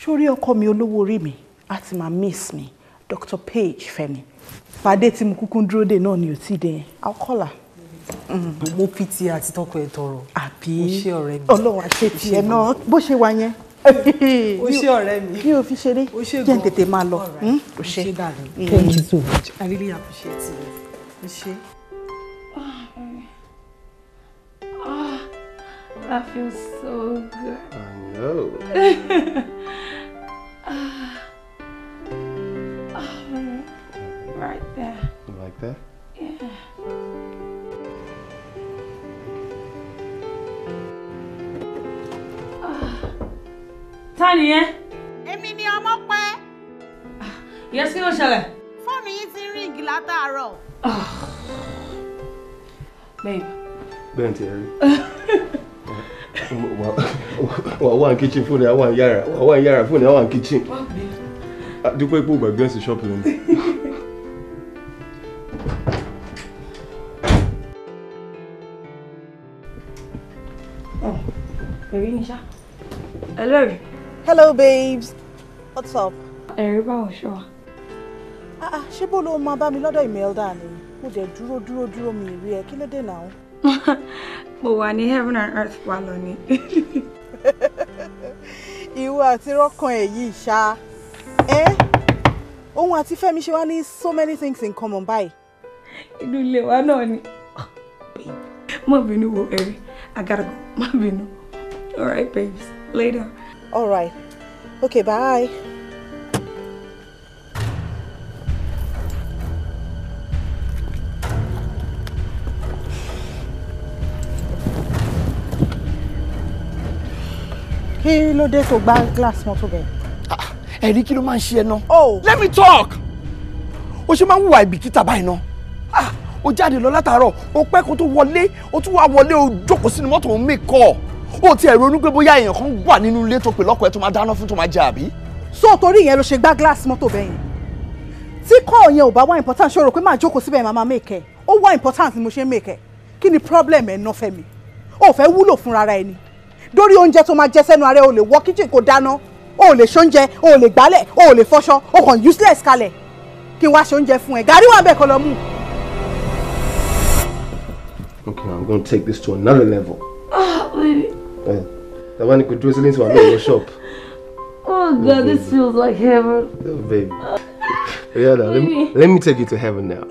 sórí ọkọ mi olówó orí mi àti máa miss mi Dr. Page Fẹ́mi pàdé tí mo kúkú ń dúró dè náà ni ò tí ì I'll call her hmm. mo pt àti tọkọ ẹ tọrọ àbí iṣẹ́ ọ̀rẹ́ mi Ọlọ́run àṣetì ẹ náà bó ṣe wá yẹn o ṣé mi mi ò fi ṣeré kí n tètè máa lọ hmm? o hmm. thank you so much i really appreciate you o Ah, that feels so good. I know. ah, oh, right there. You like that? ta ni yẹn. èmi ni ọmọ pẹ́. ìyá ah, sí ló ṣẹlẹ̀. fóònù yìí ti ríǹgì látàárọ̀. Ah. babe. bẹ́ẹ̀ ti rí wà wà ní kitchen fóònù àwọn yàrá wà wà ní yàrá fóònù àwọn kitchen dúpẹ́ pé ògbàgbé ẹ̀sìn ṣọ́ọ̀pù lẹ́nu. Ẹ̀rí oh, ni ṣá. Ẹlẹ́rìí. Hello, babes. What's up? Ẹ̀rí bá òṣù ah, ah, ṣé bó ló máa bá mi lọ́dọ̀ Imelda ni? Mo dẹ̀ dúró dúró dúró mi rí ẹ. Kí ló dé náà? Mo wà ní heaven and earth wa lọ ni. Ìwọ àti rọ́kàn ẹ̀ yìí ṣá. Ẹ́ òun àti Fẹ́mi ṣe wá ní so many things in common báyìí. Inú ilé wa náà ni. Má bínú wo ẹ̀rí. I gotta go. Má bínú. All right, babes. Later. All right. Okay, bye. Kilo de dé tó glass mọ́tò bẹ́ẹ̀. Ah, ẹ̀rí kí ló máa ń ṣe ẹ ná. Oh. let me talk. o ṣe máa ń wùwà ìbìkítà báyìí ná. Ah, o jáde lọ látàárọ̀ o pẹ́ kó tó wọlé o tún wá wọlé o jókòó sínú mọ́tò òun mí kọ́ o ti ẹ̀ pé bóyá èèyàn kan wà nínú ilé tó pè lọ́kọ ẹ̀ tó máa dáná fún tó máa jẹ àbí. so torí ìyẹn ló ṣe gbá gíláàsì mọ́tò bẹ́ẹ̀ yẹn tí kọ́ yẹn ò bá wá important ṣòro pé máa jókòó síbẹ̀ máa máa mèkẹ́ ó wá important ni mo ṣe ń mèkẹ́ kí ni problem ẹ̀ ná fẹ́ mi ò fẹ́ wúlò fún rárá ẹni dórí oúnjẹ tó máa jẹ sẹ́nu ara ò lè wọ kitchen kó dáná ò lè ṣoúnjẹ ò lè gbálẹ̀ ò lè fọṣọ ò kàn useless kalẹ̀ kí n wá ṣoúnjẹ fún ẹ gàrí wà bẹ́ẹ̀ kọ́ lọ mú. Okay, I'm gonna take this to another level. Ah, baby. Eh, the one you could sílé into a little shop. Oh God, this feels like heaven. Oh baby. Rihanna, oh, let me, let me take you to heaven now.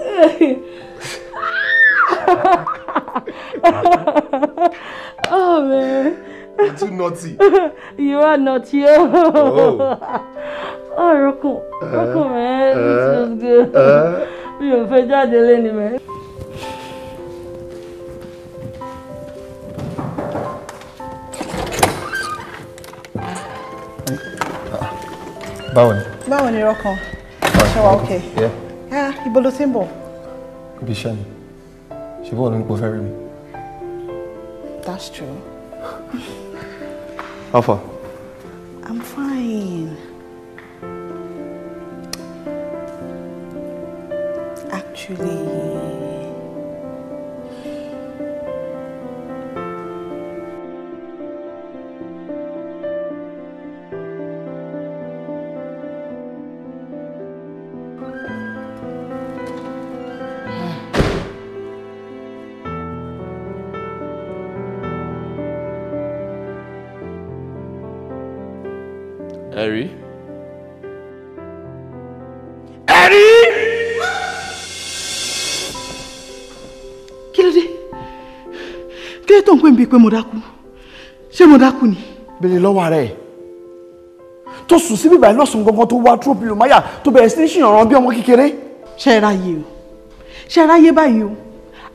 oh man. You're too naughty. you are naughty. Oh. oh, oh Rocco. Rocco, man. Uh, this feels good. Uh, we are fed out the báwo ni. báwo ni rọkàn ṣe wà òkè ah, ibo ló ti ń bọ̀. ibi iṣẹ́ ni ṣe bọ́ọ̀ ló ń pọ̀ fẹ́ rí mi. that's true. how far. i'm fine. actually. bíi pé mo dákú ṣé mo dákú ni. béèrè lọ́wọ́ rẹ̀ tó sùn síbí báyìí lọ́sùn gangan tó wá tó bìlù máyà tó bẹ̀rẹ̀ sí ní ṣìyànràn bí ọmọ kékeré. ṣẹ́ráyé o ṣẹ́ráyé báyìí o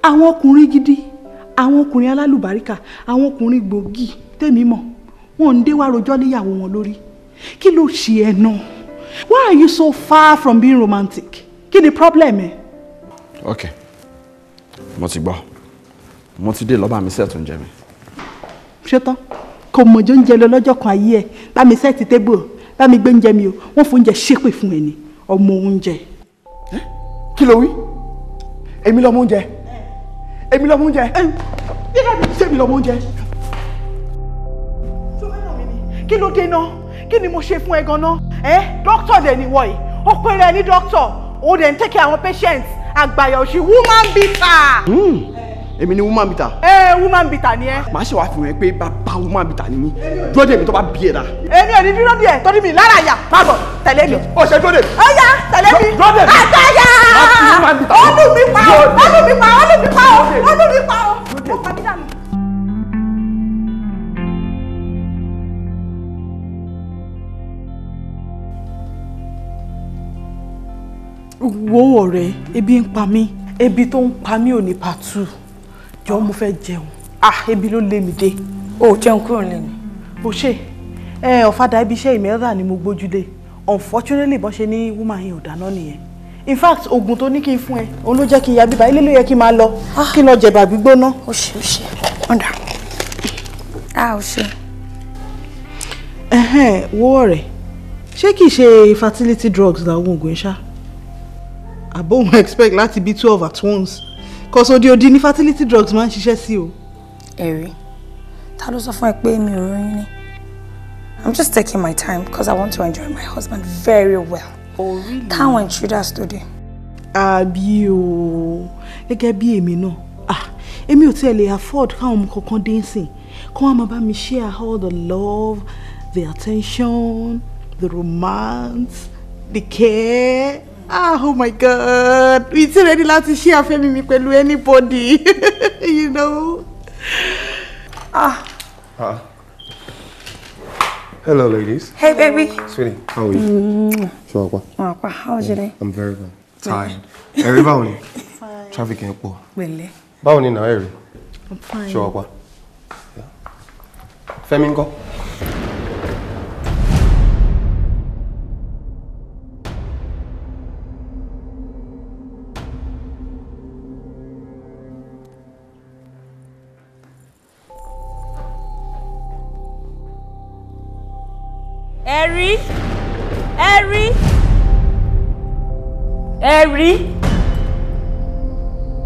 àwọn ọkùnrin gidi àwọn ọkùnrin alálùbáríkà àwọn ọkùnrin gbòógì tèmi mọ̀ wọn ò ń dé wá rojọ́ níyàwó wọn lórí kí ló ṣe ẹ náà why are you so far from being romantic kí ni problem ẹ. ok mo ti gbọ́ mo ti dé lọ́ba mi sẹ́ẹ̀ tó ń jẹ mi. ṣé tán kò mọ̀jọ́ ń jẹ lọ lọ́jọ́ kan ayé ẹ̀ bá mi sẹ́ẹ̀ ti tébù o bá mi gbé ń jẹ mi o wọ́n fún oúnjẹ ṣépè fún ẹ ni ọmọ oúnjẹ. kí ló wí èmi lọmọ oúnjẹ eh? èmi lọmọ oúnjẹ eh? ṣé èmi lọmọ oúnjẹ. kí ló dé náà kí ni mo ṣe fún ẹ gan-an ẹ eh? dókítà dẹ̀ ni wọ̀nyí ó pèrè ẹ ní dókítà ó dẹ̀ ń tẹ́kẹ̀ àwọn patients àgbàyà òṣì woman beater. Hmm èmi ni woman bita. ẹ woman bita ni ẹ. màá ṣe wá fi hàn pé bàbá woman bita ni mí dúró dè mí tó bá bí ẹ dá. èmi ò ní dúró dè ẹ torí mi lára yà má bọ̀ tẹ̀lé mi. o ṣe dúró dè mí. ó yá tẹ̀lé mi. dúró dè mí. àtàyà olú mi pa o olú mi pa o olú mi pa o olú mi pa o. wo ọ̀rẹ́ ebi ń pa mí ebi tó ń pa mí ò ní pa two jọ mo fẹ́ jẹun ah ebi ló lé mi dé. o ò jẹun kúrò nílé ni. o ṣe ẹ ọ̀fadà ibi iṣẹ́ ìmẹ́rà ni mo gbójú dé unfortunately bọ́n ṣe ní woman yẹn ò dáná nìyẹn in fact oògùn tó ní kí n fún ẹ òun ló jẹ́ kí n ya bíbá ilé ló yẹ kí n máa lọ ah. kí n lọ jẹ̀bà gbígbóná. o ṣe o ṣe ọ̀dà a ah, ò ṣe. wo ọ̀rẹ́ ṣé kìí ṣe fertility drugs làwọn oògùn ẹ̀ ṣá àbóhun expect láti be twelve at once cause òde òdi ni fertility drugs máa ń ṣiṣẹ́ sí o. ẹ̀rí ta ló sọ fún ẹ pé mi ò ròyìn ni i'm just taking my time because i want to enjoy my husband very well. Oh, really? táwọn intruders tó dé. àbí o gẹ́gẹ́ bí èmi náà ah èmi ò tiẹ̀ lè afford káwọn ọmọ kankan dé sìn kó wọn máa bá mi share all the love the attention the romance the care ah oh my god mi ti ready láti ṣe àfẹ́mi mi pẹ̀lú anybody you know ah. Uh, hello ladies. hey baby. sweetie how are you. Mm. ṣe how are you? Mm. day. i'm very well tired. ẹ̀rí báwo ni traffic yẹn pọ̀. pẹ̀lẹ́. báwo ni náà ẹ̀rí. i'm fine. Show up, pa. fẹ́mi ńkọ́. ẹ rí ẹ rí ẹ rí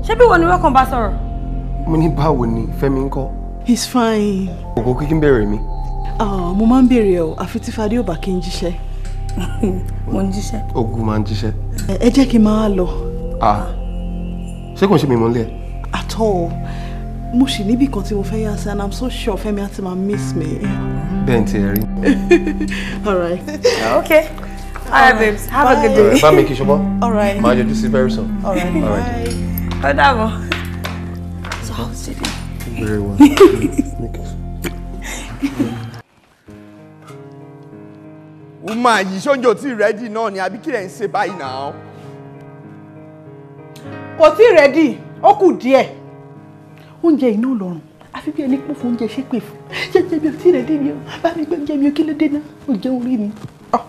ṣé bí wo ni wọ́n kàn bá sọ̀rọ̀. mo ní báwo ni Fẹ́mi ń kọ́. he's fine. òkò kí n bẹ̀rẹ̀ mi. Ah, mo máa ń bèrè ọ àfi tí fadé ò bá kí n jíṣẹ́. mo ń jíṣẹ́. ogun máa ń jíṣẹ́. ẹ jẹ́ kí n máa lọ. Ah. ṣé kò ń ṣe mi mọ́lẹ̀. at all mo ṣì níbì kan tí mo fẹ́ yá sí and i'm so sure Fẹ́mi á ma miss me. Mm -hmm bẹ́ẹ̀ ti all right. Ah, okay. All right, babes. Have Bye. a good day. Bye. mi kí ṣọpọ́. All right. Máa yọjú sí very soon. All right. All right. Bye. dàbọ̀. So how's it going? Very well. Make it. Uma yìí ṣoúnjẹ ò tí ì rẹ́dì náà ni Bye. kí lẹ̀ ń ṣe báyìí náà. Kò tí ì rẹ́dì, ó kù díẹ̀. Oúnjẹ iná lọ́rùn àfi bí ẹni pò fún oúnjẹ ṣé pè fún jẹjẹ mi ò tí ì rẹ̀ dé mi o bá mi gbé oúnjẹ mi ò kí ló dé náà ó jẹ́ orí mi. Ah.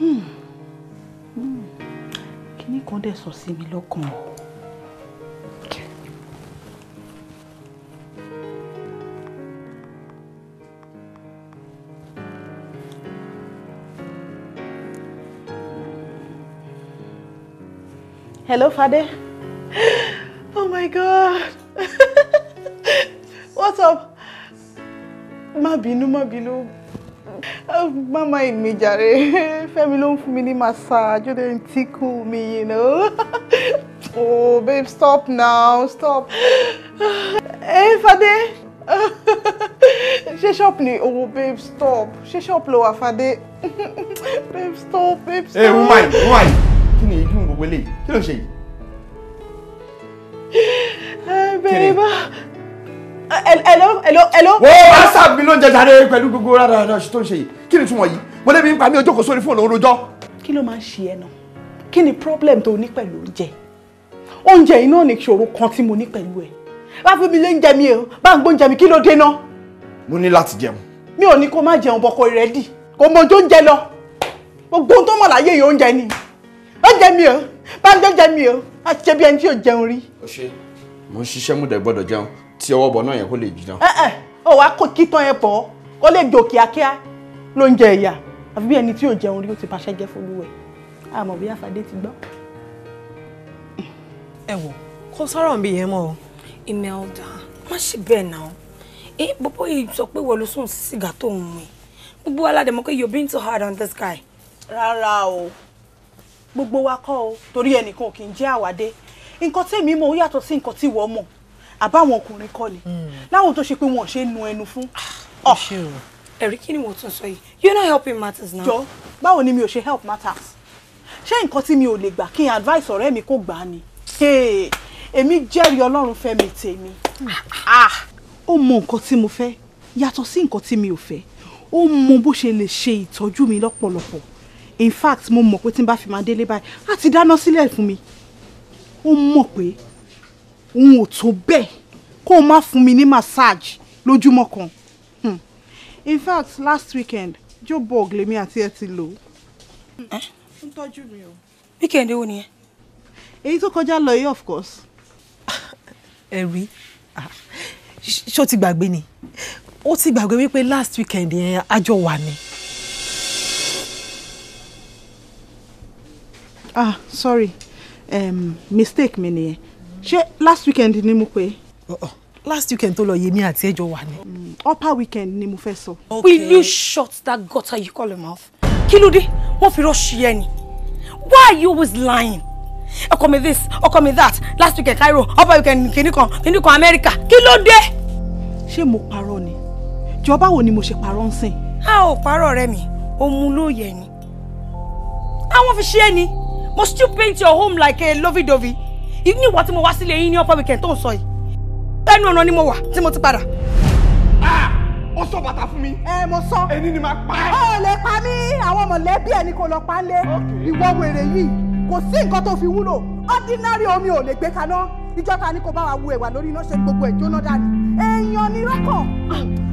Hmm. Hmm. kínní kan dẹ̀ sọ sí mi lọ́kàn o. Hello, Fade. Oh my God. What's up? Má bínú, má bínú. Má oh, má mi jàre. Fẹ́mi ló ń fún mi massage, ó dẹ̀ tickle me, you know. Oh, babe, stop now, stop. Hey, Fade. She shop ni? Oh, babe, stop. She shop ló wà, Fade? Babe, stop, babe, stop. Hey, woman, woman gbogbo eléyìí kí ló ṣe yìí. bẹ́ẹ̀ bá hello hello hello. wọ́n wá sábì ló ń jẹjà rẹ pẹ̀lú gbogbo rárá rárá tó ń ṣe yìí kí ni túmọ̀ yìí mo lébi ń pa mí ojókòó sórí fóònù orojọ́. kí ló máa ń ṣe ẹ náà kí ni problem tó ní pẹ̀lú oúnjẹ oúnjẹ yìí náà ni ìṣòro kan tí mo ní pẹ̀lú ẹ bá fún mi lé ń jẹ mi o bá ń gbóúnjẹ mi kí ló dé náà. mo ní láti jẹun. mi ò ní kó má jẹun bọkọ rẹ dì kò mọ ojú oúnjẹ lọ gbogbo tó mọ̀ láyé yìí oúnjẹ ni ó jẹ mi o báńjọ jẹ mi o a ṣe bí ẹni tí ò jẹun rí. o ṣe mo ń ṣiṣẹ́ mú dẹ̀ gbọ́dọ̀ jẹun tí ọwọ́ bọ̀ náà yẹn kó lè jiná. ẹ ẹ ọ wàá kó kíntàn ẹ pọ̀ ó lè jò kíákíá ló ń jẹ ìyà àfi bí ẹni tí o, jẹun rí ó ti paṣẹ jẹ fúlúwẹ àmọ́ bí àfàdé ti gbọ́. ẹ wò kó sọ̀rọ̀ mi yẹn mọ́ o. Imelda má ṣe bẹ́ẹ̀ náà ẹ bọ́bọ́ yìí sọ pé wọ́n ló sùn sí sìgá tó ń mu gbogbo aládàmọ́ pé you been too hard on this guy. rárá o gbogbo wa kọ́ o torí ẹnìkan kì í jẹ́ àwádé nǹkan tí èmi mọ̀ ó yàtọ̀ sí nǹkan tí ìwọ mọ̀ àbáwọn ọkùnrin kọ́ ni hmm. láwọn tó ṣe pé wọn ò ṣe nu ẹnu fún. Ah, ẹ̀rí kí ni mo tún sọ yìí you no helping matters now. jọ báwo ni mi ò ṣe help matters ṣé nǹkan tí mi ò lè gbà kí n advice ọ̀rẹ́ mi kò gbà á ni èmi jẹ́rìí ọlọ́run fẹ́ mi tèmi ah, ó mọ nǹkan tí mo fẹ́ yàtọ̀ sí nǹkan tí mi ò fẹ́ ó mọ bó ṣe lè ṣe ìtọ́jú mi lọ́pọ̀lọpọ̀ in fact mo mọ̀ pé tí n bá fi máa délé báyìí á ti dáná sílẹ̀ fún mi ó mọ̀ pé òun ò tó bẹ́ẹ̀ kó o má fún mi ní massage lójúmọ́ kan hmm. in fact last weekend joe borg lèmi àti ẹ ti lò ó ń tọ́jú mi o. weekend wo nìyẹn. èyí tó kọjá lọ yìí of course. ẹ̀rí ṣó ti gbàgbé ni ó ti gbàgbé wípé last weekend yẹn àjọ wà ni. ah sorry um, mistake mi nìyẹn ṣé last weekend ni mo pè é. Oh, oh. last weekend tó lọ yèmí àti ẹjọ wà ní. Mm, upper weekend ni mo fẹ́ sọ. okay will you shut that gutter you call him mouth? kí ló dé wọ́n fi rush yẹ ni why are you always lying ọkọ mi this ọkọ mi that last weekend Cairo upper weekend kìíní kan kìíní kan America kí ló dé. ṣé mo parọ́ ni jọba wo ni mo ṣe parọ́ ń sìn. a ò parọ́ rẹ mi òun ló yẹ ni àwọn fi ṣe é ni mo still paint your home like a lovey-dovey ní ìwọ tí mo wá sílé yín ní upper weekend tó ń sọ yìí ẹnu ọ̀nà ni mo wà tí mo ti padà. ó sọ bàtà fún mi. ẹ mo sọ. ẹni ni màá pa ẹ. ó lè pa mí àwọn mọ̀lẹ́bí ẹ̀ ni kò lọ pa á lé. ìwọ wèrè yìí kò sí nǹkan tó fi wúlò ordinary omi ò lè gbé kaná ìjọ ta ni kò bá wa wo ẹ̀wà lórí iná ṣe gbogbo ẹ̀ jóná dání èèyàn ni lọ́kàn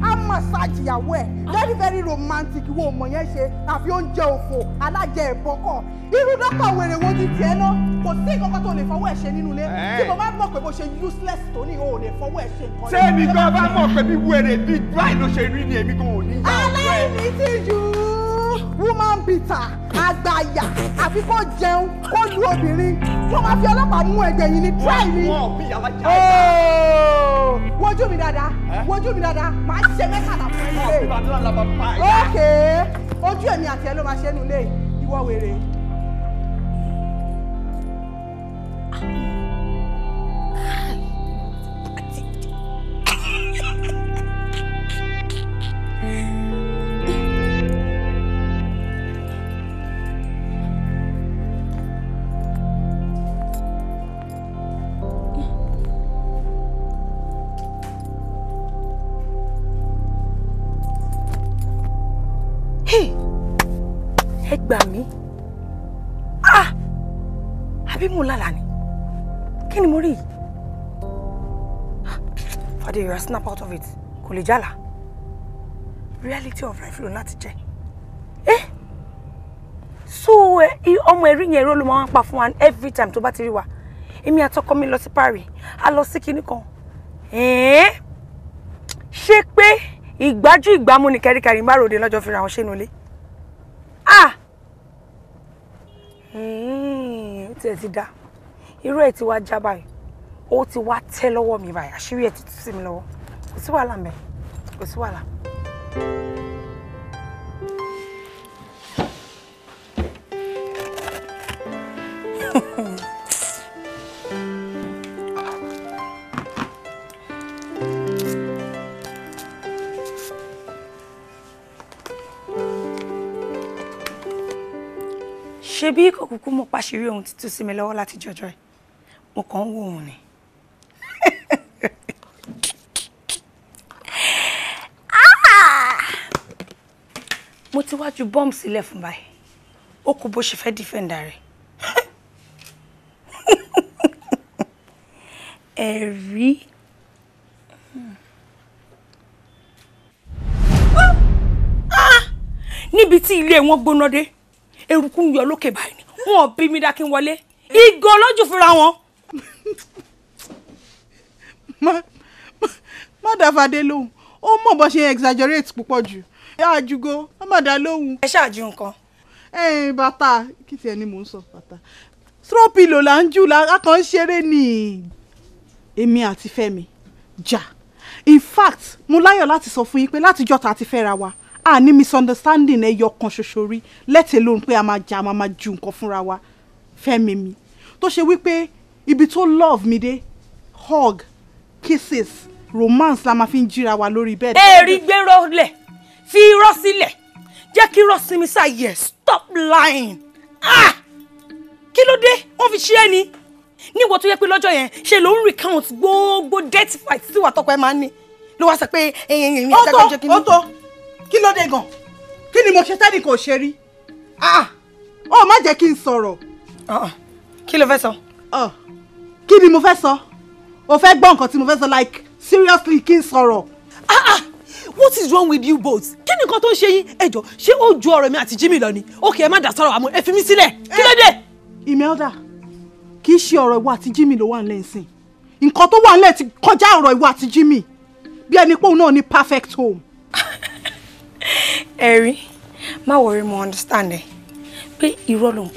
á màsáàjì ìyàwó ẹ̀ very very romantic wo ọmọ yẹn ṣe àfi oúnjẹ òfò alájẹ ẹ̀bọ kan irú dọ́kọ̀ wèrè wo ti tiẹ̀ náà kò sí nǹkan tó lè fọwọ́ ẹ̀ ṣe nínú ilé eh. tí mo bá mọ̀ pé mo ṣe useless tó ní o ò lè fọwọ́ ẹ̀ ṣe nǹkan. sẹ́mi gan bá mọ̀ pé bí wẹ̀rẹ̀ bíi dry ló ṣe rí ni èmi gan ò ní yà wẹ̀. aláìní ti jù ú woman bitter àgbàyà àfi kó jẹun kó lu obìnrin wọ́n máa fi ọlọ́pàá mú ẹ̀jẹ̀ yìí ní try mi. Oh! wojú mi dáadáa wojú mi dáadáa máa ṣe mẹ́tàlá fún ilé. ok ojú èmi àti ẹ ló máa ṣe nulẹ̀ ìwọ wèrè. gbà mí ah àbí mò ń lálà ni kí ni mo rí yìí fàdé you snap out of it kò lè jàlá reality of life ló láti jẹ eh so eh, ọmọ ẹ̀rí yẹn ró ló máa ń pa fún wa every time tó bá ti rí wa èmi àtọkọ mi lọ sí Paris a lọ sí kinní kan eh? ṣé pé ìgbájú ìgbámú ni kẹríkẹrí má ròde lọ́jọ́ fira wọn ṣé nulẹ̀ ah Hmm, ó tiẹ̀ ti dá irú ẹ̀ ti wá já báyìí ó ti wá tẹ́ lọ́wọ́ mi báyìí àṣírí ẹ̀ ti tú sí mi lọ́wọ́ kò sí wàhálà mẹ́ kò sí wàhálà. ṣe bí kò kúkú mọ̀ pàṣírí ohun títú sí mi lọ́wọ́ láti jọjọ́ ẹ̀ mo kàn ń wò òun ni. mo ti wá ju bọ́ọ̀mù sílẹ̀ fún báyìí ó kú bó ṣe fẹ́ dìfẹ́ǹdà rẹ̀ ẹ̀rí. Hmm. Ah! Ah! níbi tí ilé wọn gbóná dé eruku ń yọ lókè báyìí ni wọn ò bí mi dá kí n wọlé igo ọlọ́jù fúnra wọn. má dáfadé lóhùn ó mọ̀ bó ṣe exaggerate púpọ̀ jù àjùgò má má dá lóhùn. ẹ ṣáàjú nǹkan. ẹ bàtà kí tiẹ̀ ni mò ń sọ bàtà throw pillow là ń jù lákàn ṣeré ni èmi àti Fẹ́mi jà in fact mo láyọ̀ láti sọ fún yín pé látijọ́ ta ti fẹ́ra wa a ní misunderstanding ẹyọ kan ṣoṣo rí lẹ́tẹ̀ lóhun pé a máa jà a máa ju nǹkan fúnra wa fẹ́mi mi tó ṣe wípé ibi tó love mi dé hug kisses romance la máa fi ń jíra wa lórí bẹ́ẹ̀. ẹ̀rí gbéró lẹ̀ fi irọ́ sílẹ̀ jẹ́ kí irọ́ sinmi sáyẹ̀ stop lying ah kí ló dé wọ́n fi ṣe é ni níwọ̀ tó yẹ pé lọ́jọ́ yẹn ṣe ló ń recount gbogbo death fight tí wàá tọkọ ẹ máa ń ní ló wá sọ pé ẹyìn ẹyìn mi ṣàgbọ́n ó tó ó tó kí ló dé gan kí ni mo ṣe tẹ́nì kò ṣe rí ah! ó má jẹ́ kí n sọ̀rọ̀. Ah, ah. kí ló fẹ́ sọ. Oh. kí ni mo fẹ́ sọ o fẹ́ gbọ́ nǹkan tí mo fẹ́ sọ like seriously kí n sọ̀rọ̀. what is wrong with you both kí ni nǹkan tó ń ṣe yín ẹ jọ ṣé ó ju ọ̀rọ̀ mi àti Jimmy lọ ni okay ẹ má dà sọ̀rọ̀ àmọ́ ẹ fi mí sílẹ̀ kí ló dé. Eh, Imelda kì í ṣe ọ̀rọ̀ ìwọ àti Jimmy ló wà ń lẹ́sìn nǹkan tó wà ń lẹ́ ti kọjá ọ̀rọ̀ ìwọ àti Jimmy bí ẹni pé òun náà ní perfect home. ẹ̀rí má worry mo understand ẹ̀ pé irọ́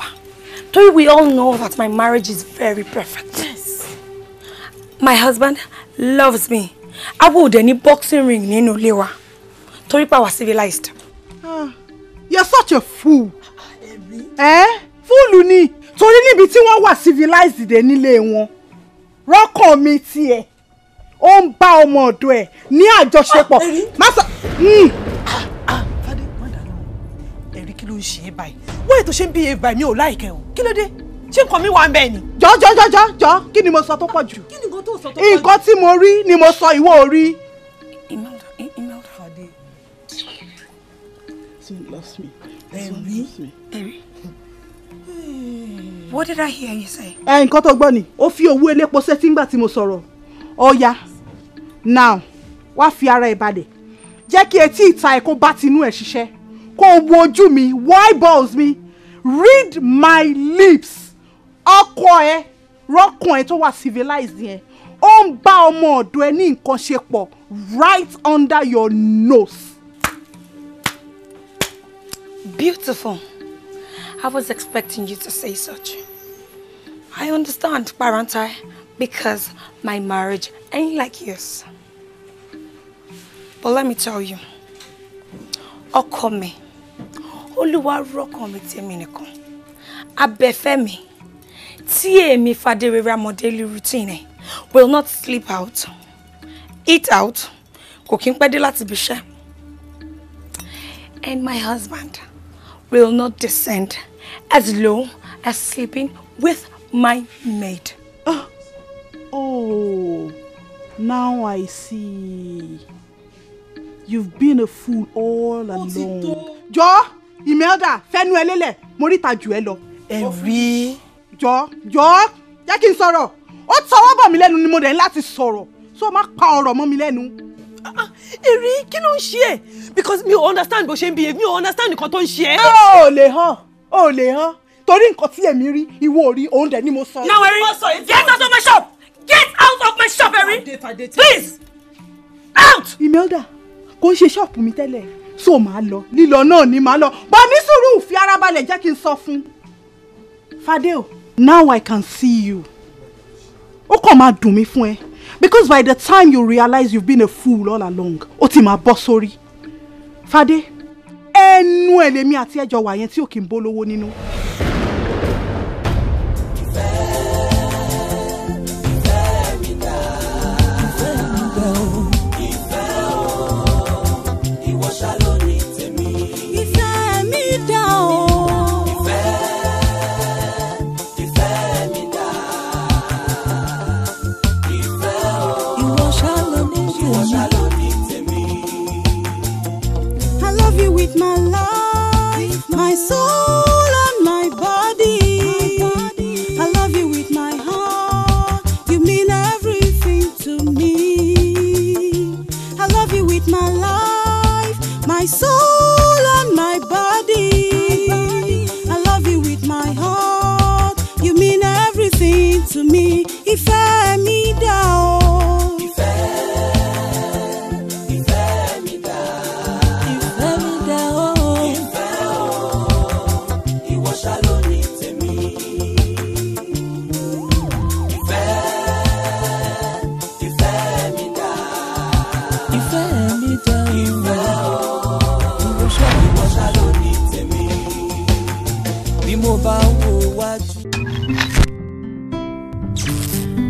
we all know that my marriage is very perfect. Yes. My husband loves me. I would any boxing ring nínú ilé wa torí pa wá civilized. Ah, you're such a fool. Eh? Fool ni torí ni tí wa wa civilized ni nílé wọn. Rọ́kàn mi tiẹ̀, ó ń bá ọmọ ọ̀dọ̀ ẹ̀ ní àjọṣepọ̀. Ah, má sọ. Hmm ṣe é báyìí wọ́n ètò ṣe ń bíye báyìí mi ò láìkẹ́ o kí ló dé ṣé nǹkan mi wà ń bẹ́ẹ̀ ni. jọ jọ jọ jọ jọ kí ni mo sọ tó pọ̀ jù. kí ni nǹkan tó sọ tó pọ̀ jù. nǹkan tí mo rí ni mo sọ ìwọ ò hmm. What did I hear you say? ẹ nǹkan tó gbọ́ ni ó fi owó elépo sẹ́tí ńgbà tí mo sọ̀rọ̀ ọ̀ya now wá fi ara ẹ̀ balẹ̀ jẹ́ kí etí ìta ẹ̀ kó bá tinú ẹ̀ ṣiṣẹ́ kó wo ojú mi why balls mi read my lips ọkọ ẹ rọkùn ẹ tó wà civilized yẹn ó ń bá ọmọ ọ̀dọ̀ ẹ ní nǹkan ṣe pọ̀ right under your nose. beautiful I was expecting you to say such I understand parental because my marriage ain't like yours but let me tell you ọkọ mi olúwa rọkàn mi tèmi nìkan abẹ́fẹ́ mi tí èmi Fadérere Amọ̀délé routine will not sleep out eat out kò kí n pẹ́ dé láti ibi and my husband will not descend as low as sleeping with my maid. Oh, oh now I see. You've been a fool all along. Jọ́. Imelda fẹnu ẹ lélẹ̀ mo ríta jù ẹ lọ. ẹ wí. jọ jọ jẹ́ kí n sọ̀rọ̀ ó tọwọ́ bọ̀ mí lẹ́nu ni mo dẹ̀ ń láti sọ̀rọ̀ so má pa ọ̀rọ̀ mọ́ mi lẹ́nu. èrè ah, ah, kí ló ń ṣe ẹ because mi ò understand bó ṣe ń behave mi ò understand nǹkan tó ń ṣe ẹ. ó lè hàn ó lè hàn torí nǹkan tí èmi rí ìwọ rí òun dẹ̀ ni mo sọ. now Erin get out of my shop get out of my shop Erin please out. Imelda kò ń ṣe ṣọ́ọ̀pù mi tẹ́lẹ̀ so màá lọ lílọ náà ni màá lọ bọ ní sùúrù fi ara balẹ̀ jẹ́ kí n sọ fún Fadeo now I can see you ó kàn máa dùn mí fún ẹ because by the time you realize you've been a fool all along ó ti máa bọ́ sórí Fadé ẹnu ẹ̀ lèmi àti ẹjọ́ wà yẹn tí ò kì í bó lówó nínú. No?